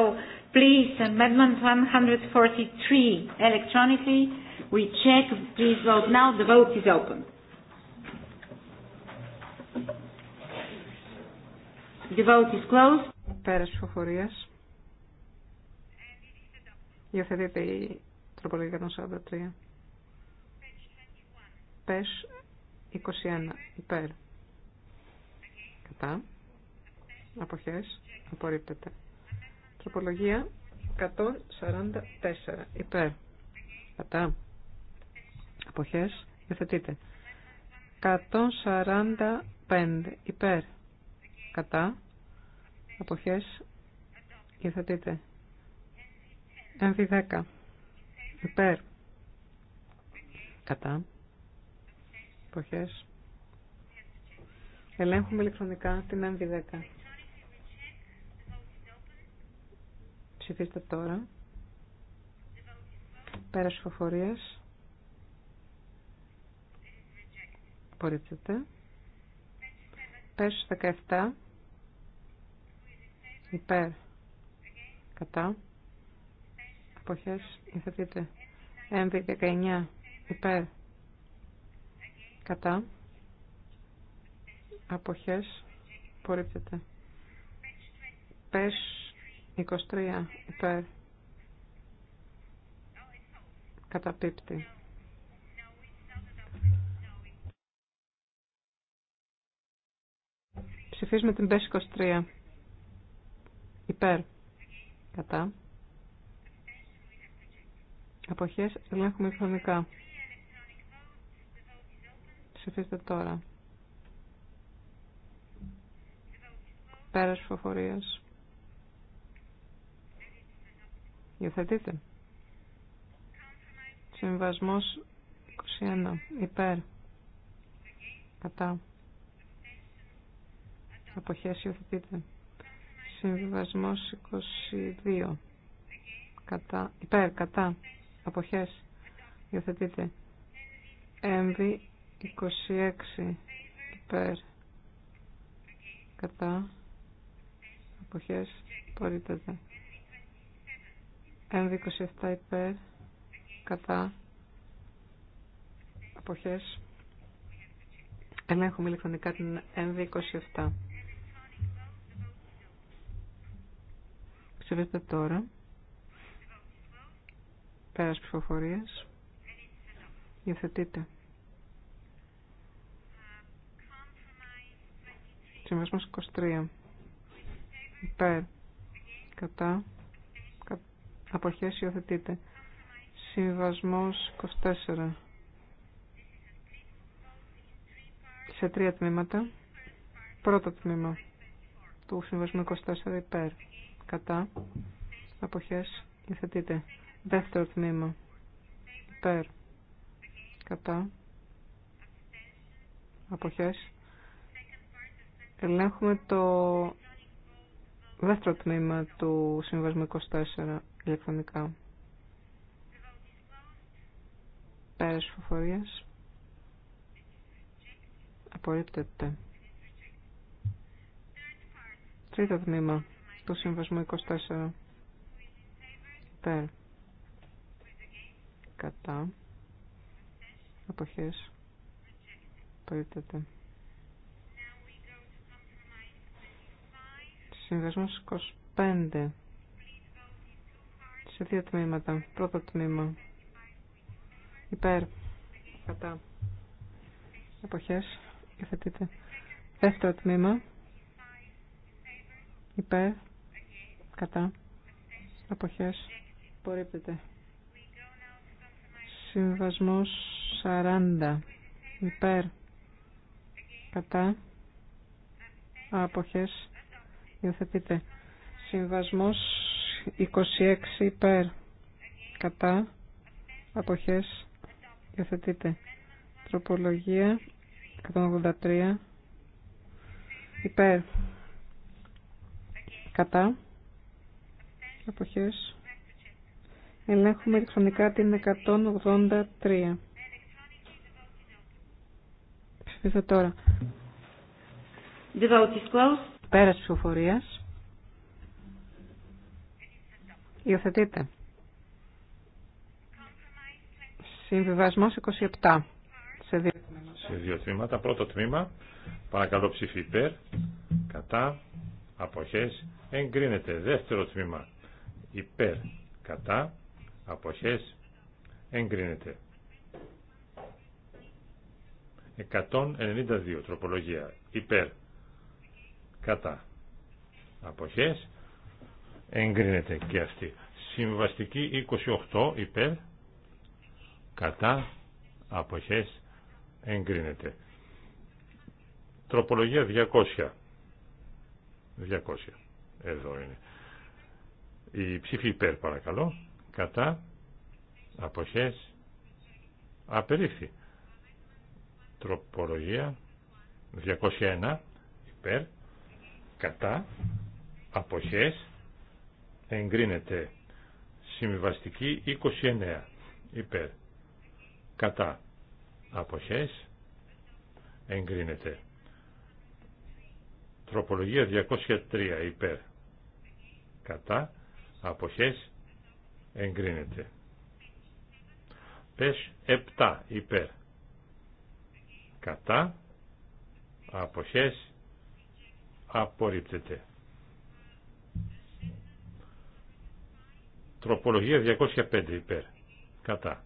please, amendment 143 electronically. We check. Please vote now. The vote is open. The vote is closed. Πέρας ψηφοφορίας. Υιοθετείται η τροπολογία 143. Πες 21 υπέρ. Κατά. Αποχές. Απορρίπτεται. Τροπολογία 144 υπέρ. Κατά. Αποχές. Υιοθετείται. 145 υπέρ. Κατά. Αποχές. Υιοθετείται. MV10 υπέρ κατά εποχές ελέγχουμε ηλεκτρονικά την MV10 ψηφίστε τώρα πέρας φοφορίας απορρίπτεται πέσω 17 υπέρ κατά αποχές υιοθετείται. MV19 υπέρ κατά αποχές απορρίπτεται. Πες 23 υπέρ καταπίπτει. Ψηφίζουμε την ΠΕΣ 23 υπέρ κατά Αποχές ελέγχουμε χρονικά. Ψηφίστε τώρα. Πέρας φοφορίας. Υιοθετείτε. Συμβασμός 21. Υπέρ. Κατά. Αποχές υιοθετείτε. Συμβασμός 22. Κατά. Υπέρ. Κατά αποχές υιοθετείτε MV 26 υπέρ κατά αποχές απορρίπτεται MV 27 υπέρ κατά αποχές ελέγχουμε ηλεκτρονικά την MV 27 ψηφίστε τώρα Πέρας ψηφοφορίας. Υιοθετείτε. Συμβασμός 23. Υπέρ. Κατά. Κα... Αποχές υιοθετείτε. Συμβασμός 24. Σε τρία τμήματα. Πρώτο τμήμα του συμβασμού 24 υπέρ. Κατά. Αποχές υιοθετείτε. Δεύτερο τμήμα. Υπέρ. Κατά. Αποχές. Ελέγχουμε το δεύτερο τμήμα του Συμβασμού 24 ηλεκτρονικά. Πέρας φοφορίας. Απορρίπτεται. Τρίτο τμήμα του Συμβασμού 24. υπέρ κατά αποχές Συνδεσμός 25 σε δύο τμήματα πρώτο τμήμα υπέρ κατά αποχές Υφετείτε. δεύτερο τμήμα υπέρ κατά αποχές απορρίπτεται Συμβασμός 40 υπέρ κατά άποχες υιοθετείται. Συμβασμός 26 υπέρ κατά αποχές υιοθετείται. Τροπολογία 183 υπέρ κατά αποχές Ελέγχουμε ηλεκτρονικά την 183. Ψηφίζω τώρα. The vote is closed. Υιοθετείτε. Συμβιβασμός 27. Σε δύο τμήματα. Σε δύο τμήματα. Πρώτο τμήμα. Παρακαλώ ψήφι υπέρ. Κατά. Αποχές. Εγκρίνεται. Δεύτερο τμήμα. Υπέρ. Κατά αποχές εγκρίνεται 192 τροπολογία υπέρ κατά αποχές εγκρίνεται και αυτή συμβαστική 28 υπέρ κατά αποχές εγκρίνεται τροπολογία 200 200 εδώ είναι η ψήφη υπέρ παρακαλώ κατά αποχές απερίφθη τροπολογία 201 υπέρ κατά αποχές εγκρίνεται συμβιβαστική 29 υπέρ κατά αποχές εγκρίνεται τροπολογία 203 υπέρ κατά αποχές εγκρίνεται. Πες 7 υπέρ. Κατά. Αποχές. Απορρίπτεται. Τροπολογία 205 υπέρ. Κατά.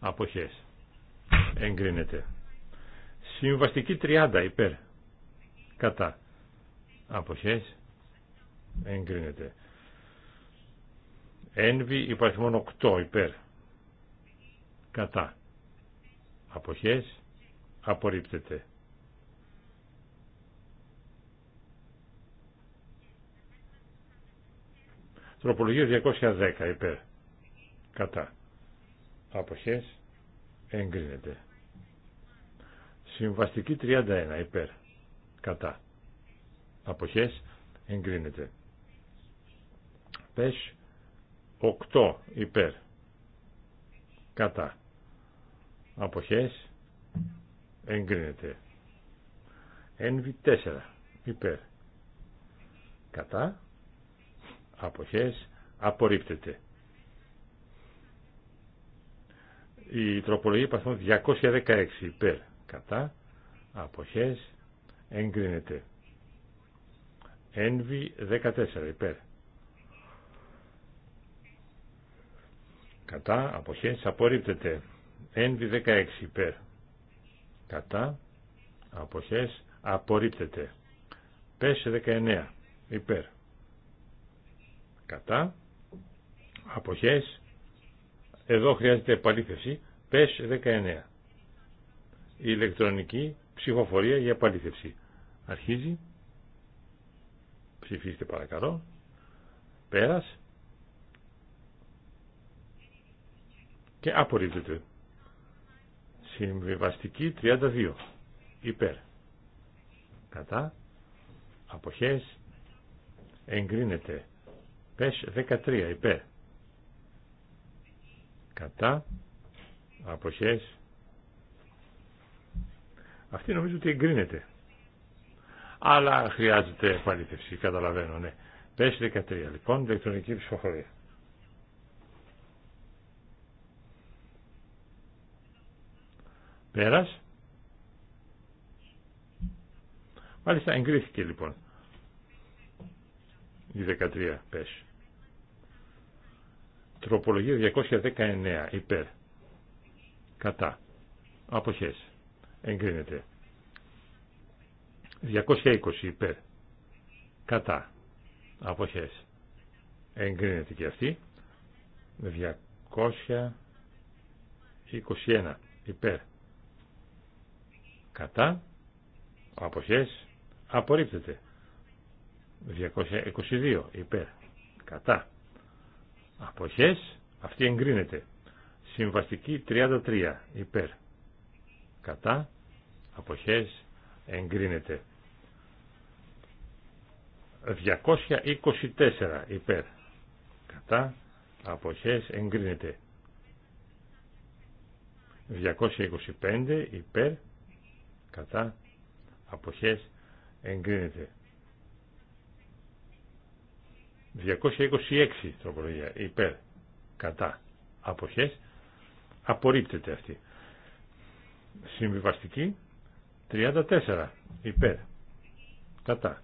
Αποχές. Εγκρίνεται. Συμβαστική 30 υπέρ. Κατά. Αποχές. Εγκρίνεται. Ένβη υπάρχει μόνο 8 υπέρ. Κατά. Αποχές απορρίπτεται. Τροπολογία 210 υπέρ. Κατά. Αποχές εγκρίνεται. Συμβαστική 31 υπέρ. Κατά. Αποχές εγκρίνεται. Πες 8 υπέρ κατά αποχές εγκρίνεται NV4 υπέρ κατά αποχές απορρίπτεται η τροπολογία παθών 216 υπέρ κατά αποχές εγκρίνεται NV14 υπέρ κατά αποχές απορρίπτεται ένβι 16 υπέρ κατά αποχές απορρίπτεται πες 19 υπέρ κατά αποχές εδώ χρειάζεται επαλήθευση πες 19 η ηλεκτρονική ψηφοφορία για επαλήθευση αρχίζει ψηφίστε παρακαλώ πέρας και απορρίπτεται. Συμβιβαστική 32 υπέρ κατά αποχές εγκρίνεται. Πες 13 υπέρ κατά αποχές αυτή νομίζω ότι εγκρίνεται αλλά χρειάζεται επαλήθευση καταλαβαίνω ναι πες 13 λοιπόν ηλεκτρονική ψηφοφορία Πέρας. Μάλιστα εγκρίθηκε λοιπόν. Η 13 πες. Τροπολογία 219 υπέρ. Κατά. Αποχές. Εγκρίνεται. 220 υπέρ. Κατά. Αποχές. Εγκρίνεται και αυτή. 221 υπέρ κατά αποχές απορρίπτεται 222 υπέρ κατά αποχές αυτή εγκρίνεται συμβαστική 33 υπέρ κατά αποχές εγκρίνεται 224 υπέρ κατά αποχές εγκρίνεται 225 υπέρ κατά αποχές εγκρίνεται 226 τροπολογία υπέρ κατά αποχές απορρίπτεται αυτή συμβιβαστική 34 υπέρ κατά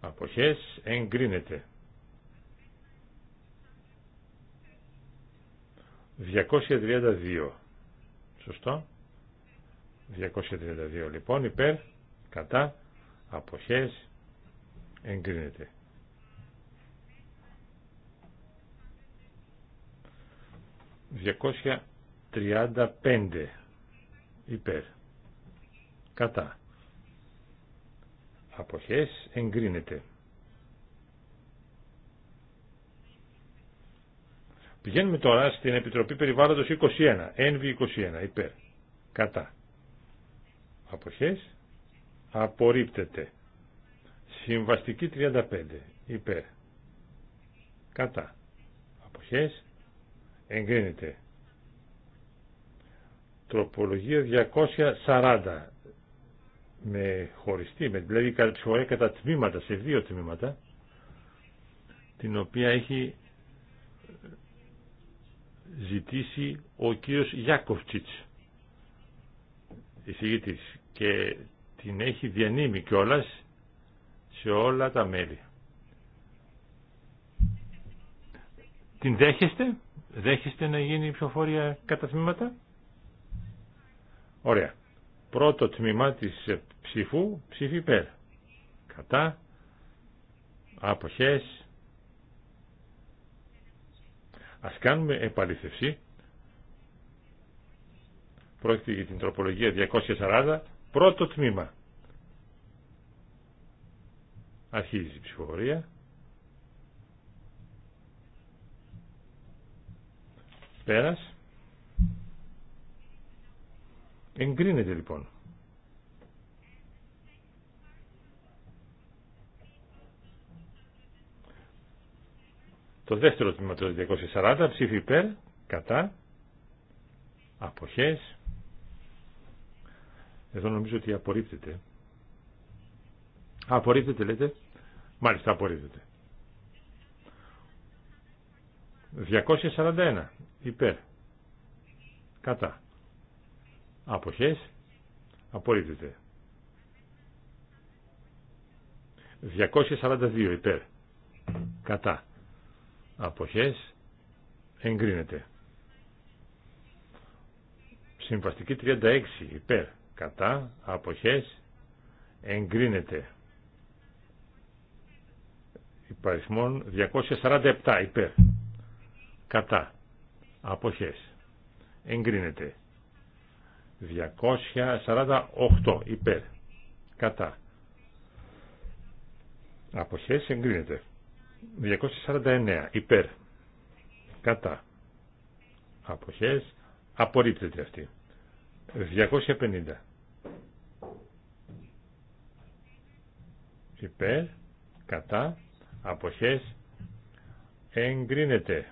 αποχές εγκρίνεται 232 σωστό 232 λοιπόν υπέρ κατά αποχές εγκρίνεται. 235 υπέρ κατά αποχές εγκρίνεται. Πηγαίνουμε τώρα στην Επιτροπή Περιβάλλοντος 21, NV21, υπέρ, κατά αποχές απορρίπτεται συμβαστική 35 υπέρ κατά αποχές εγκρίνεται τροπολογία 240 με χωριστή, με, δηλαδή ψηφορία κατά τμήματα, σε δύο τμήματα, την οποία έχει ζητήσει ο κύριος Γιάκοφτσιτς της και την έχει διανύμει κιόλα σε όλα τα μέλη. Την δέχεστε, δέχεστε να γίνει η ψηφοφορία κατά τμήματα. Ωραία. Πρώτο τμήμα της ψηφού, ψήφι πέρα. Κατά, αποχές. Ας κάνουμε επαληθευσή Πρόκειται για την τροπολογία 240, πρώτο τμήμα. Αρχίζει η ψηφοφορία. Πέρας. Εγκρίνεται λοιπόν. Το δεύτερο τμήμα του 240 ψήφι υπέρ, κατά, αποχές, εδώ νομίζω ότι απορρίπτεται. απορρίπτεται λέτε. Μάλιστα απορρίπτεται. 241 υπέρ. Κατά. Αποχές. Απορρίπτεται. 242 υπέρ. Κατά. Αποχές. Εγκρίνεται. Συμβαστική 36 υπέρ κατά αποχές εγκρίνεται υπαριθμών 247 υπέρ κατά αποχές εγκρίνεται 248 υπέρ κατά αποχές εγκρίνεται 249 υπέρ κατά αποχές απορρίπτεται αυτή 250. Υπέρ, κατά, αποχές, εγκρίνεται.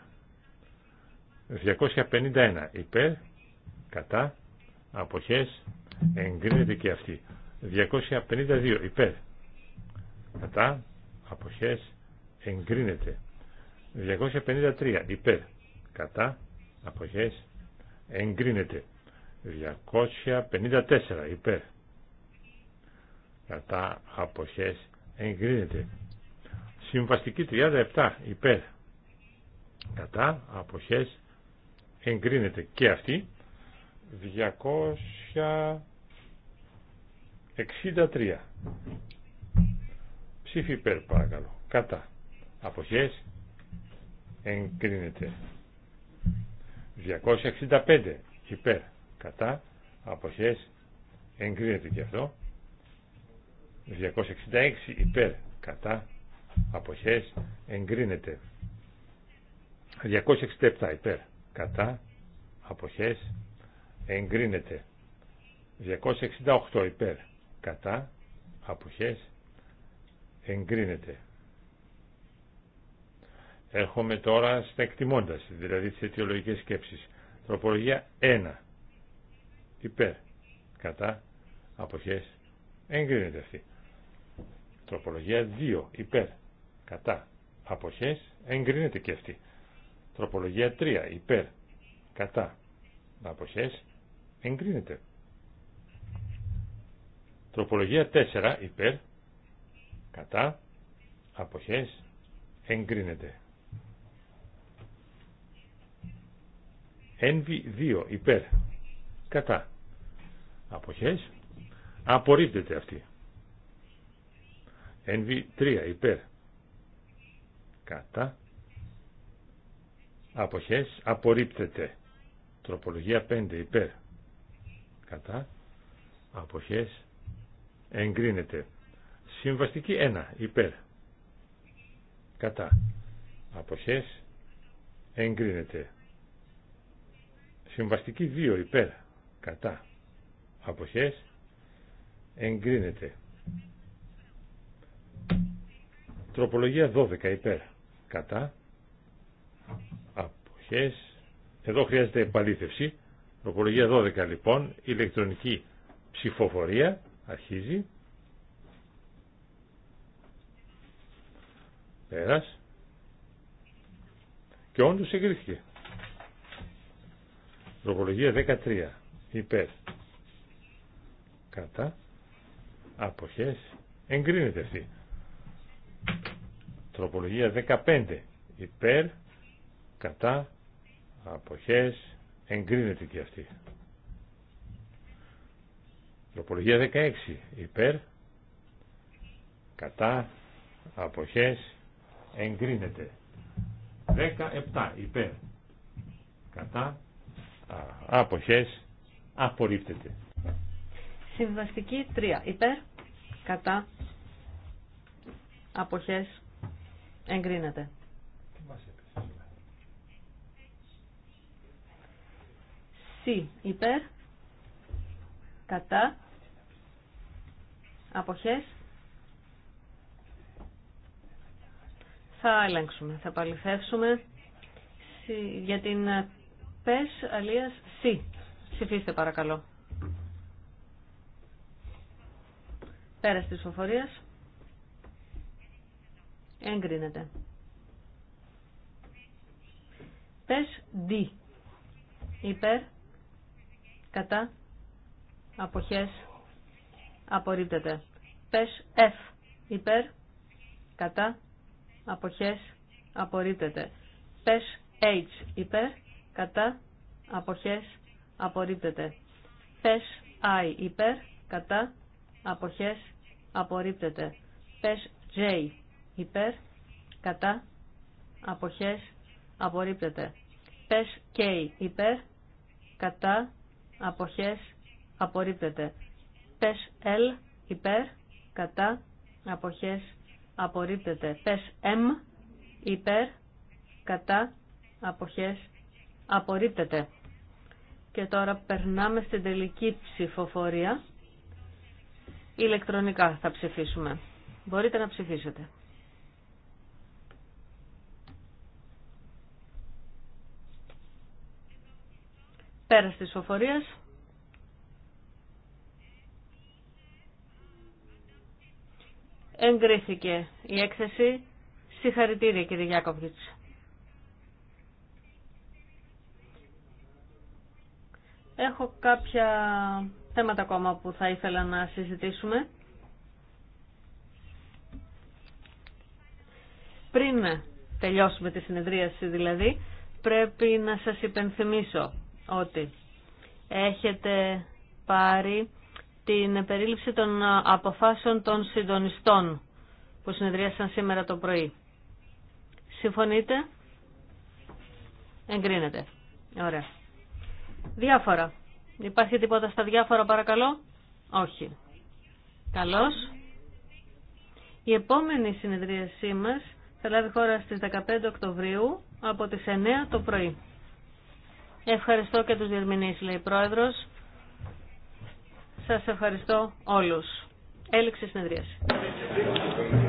251. Υπέρ, κατά, αποχές, εγκρίνεται και αυτή. 252. Υπέρ, κατά, αποχές, εγκρίνεται. 253. Υπέρ, κατά, αποχές, εγκρίνεται. 254 υπέρ κατά αποχές εγκρίνεται συμβαστική 37 υπέρ κατά αποχές εγκρίνεται και αυτή 263 ψήφι υπέρ παρακαλώ κατά αποχές εγκρίνεται 265 υπέρ κατά αποχές εγκρίνεται και αυτό 266 υπέρ κατά αποχές εγκρίνεται 267 υπέρ κατά αποχές εγκρίνεται 268 υπέρ κατά αποχές εγκρίνεται Έρχομαι τώρα στα εκτιμώντα, δηλαδή τι αιτιολογικές σκέψεις. Τροπολογία 1 υπέρ κατά αποχές εγκρίνεται αυτή. Τροπολογία 2 υπέρ κατά αποχές εγκρίνεται και αυτή. Τροπολογία 3 υπέρ κατά αποχές εγκρίνεται. Τροπολογία 4 υπέρ κατά αποχές εγκρίνεται. Ένβη 2 υπέρ κατά Αποχές. Απορρίπτεται αυτή. NV3 υπέρ. Κατά. Αποχές. Απορρίπτεται. Τροπολογία 5 υπέρ. Κατά. Αποχές. Εγκρίνεται. Συμβαστική 1 υπέρ. Κατά. Αποχές. Εγκρίνεται. Συμβαστική 2 υπέρ. Κατά αποχές εγκρίνεται. Τροπολογία 12 υπέρ κατά αποχές. Εδώ χρειάζεται επαλήθευση. Τροπολογία 12 λοιπόν, ηλεκτρονική ψηφοφορία αρχίζει. Πέρας. Και όντως εγκρίθηκε. Τροπολογία 13 υπέρ κατά αποχές εγκρίνεται αυτή τροπολογία 15 υπέρ κατά αποχές εγκρίνεται και αυτή τροπολογία 16 υπέρ κατά αποχές εγκρίνεται 17 υπέρ κατά αποχές απορρίπτεται Συμβαστική 3. Υπέρ, κατά, αποχές, εγκρίνεται. Σι, υπέρ, κατά, αποχές, θα ελέγξουμε, θα παληθεύσουμε για την ε, πες αλίας Συ. Ψηφίστε παρακαλώ. Πέρας της ψηφοφορίας. Εγκρίνεται. Πες D. Υπέρ. Κατά. Αποχές. Απορρίπτεται. Πες F. Υπέρ. Κατά. Αποχές. Απορρίπτεται. Πες H. Υπέρ. Κατά. Αποχές. Απορρίπτεται. Πες I. Υπέρ. Κατά. Αποχές απορρίπτεται. Πες J υπέρ, κατά, αποχές, απορρίπτεται. Πες K υπέρ, κατά, αποχές, απορρίπτεται. Πες L υπέρ, κατά, αποχές, απορρίπτεται. Πες M υπέρ, κατά, αποχές, απορρίπτεται. Και τώρα περνάμε στην τελική ψηφοφορία. Ηλεκτρονικά θα ψηφίσουμε. Μπορείτε να ψηφίσετε. Πέρας της φοφορίας. Εγκρίθηκε η έκθεση. Συγχαρητήρια κύριε Γιάκοβιτς. Έχω κάποια θέματα ακόμα που θα ήθελα να συζητήσουμε. Πριν τελειώσουμε τη συνεδρίαση δηλαδή, πρέπει να σας υπενθυμίσω ότι έχετε πάρει την περίληψη των αποφάσεων των συντονιστών που συνεδρίασαν σήμερα το πρωί. Συμφωνείτε? εγκρίνετε. Ωραία. Διάφορα. Υπάρχει τίποτα στα διάφορα παρακαλώ. Όχι. Καλώς. Η επόμενη συνεδρίασή μας θα λάβει χώρα στις 15 Οκτωβρίου από τις 9 το πρωί. Ευχαριστώ και τους διερμηνείς, λέει Πρόεδρος. Σας ευχαριστώ όλους. Έληξε συνεδρίαση.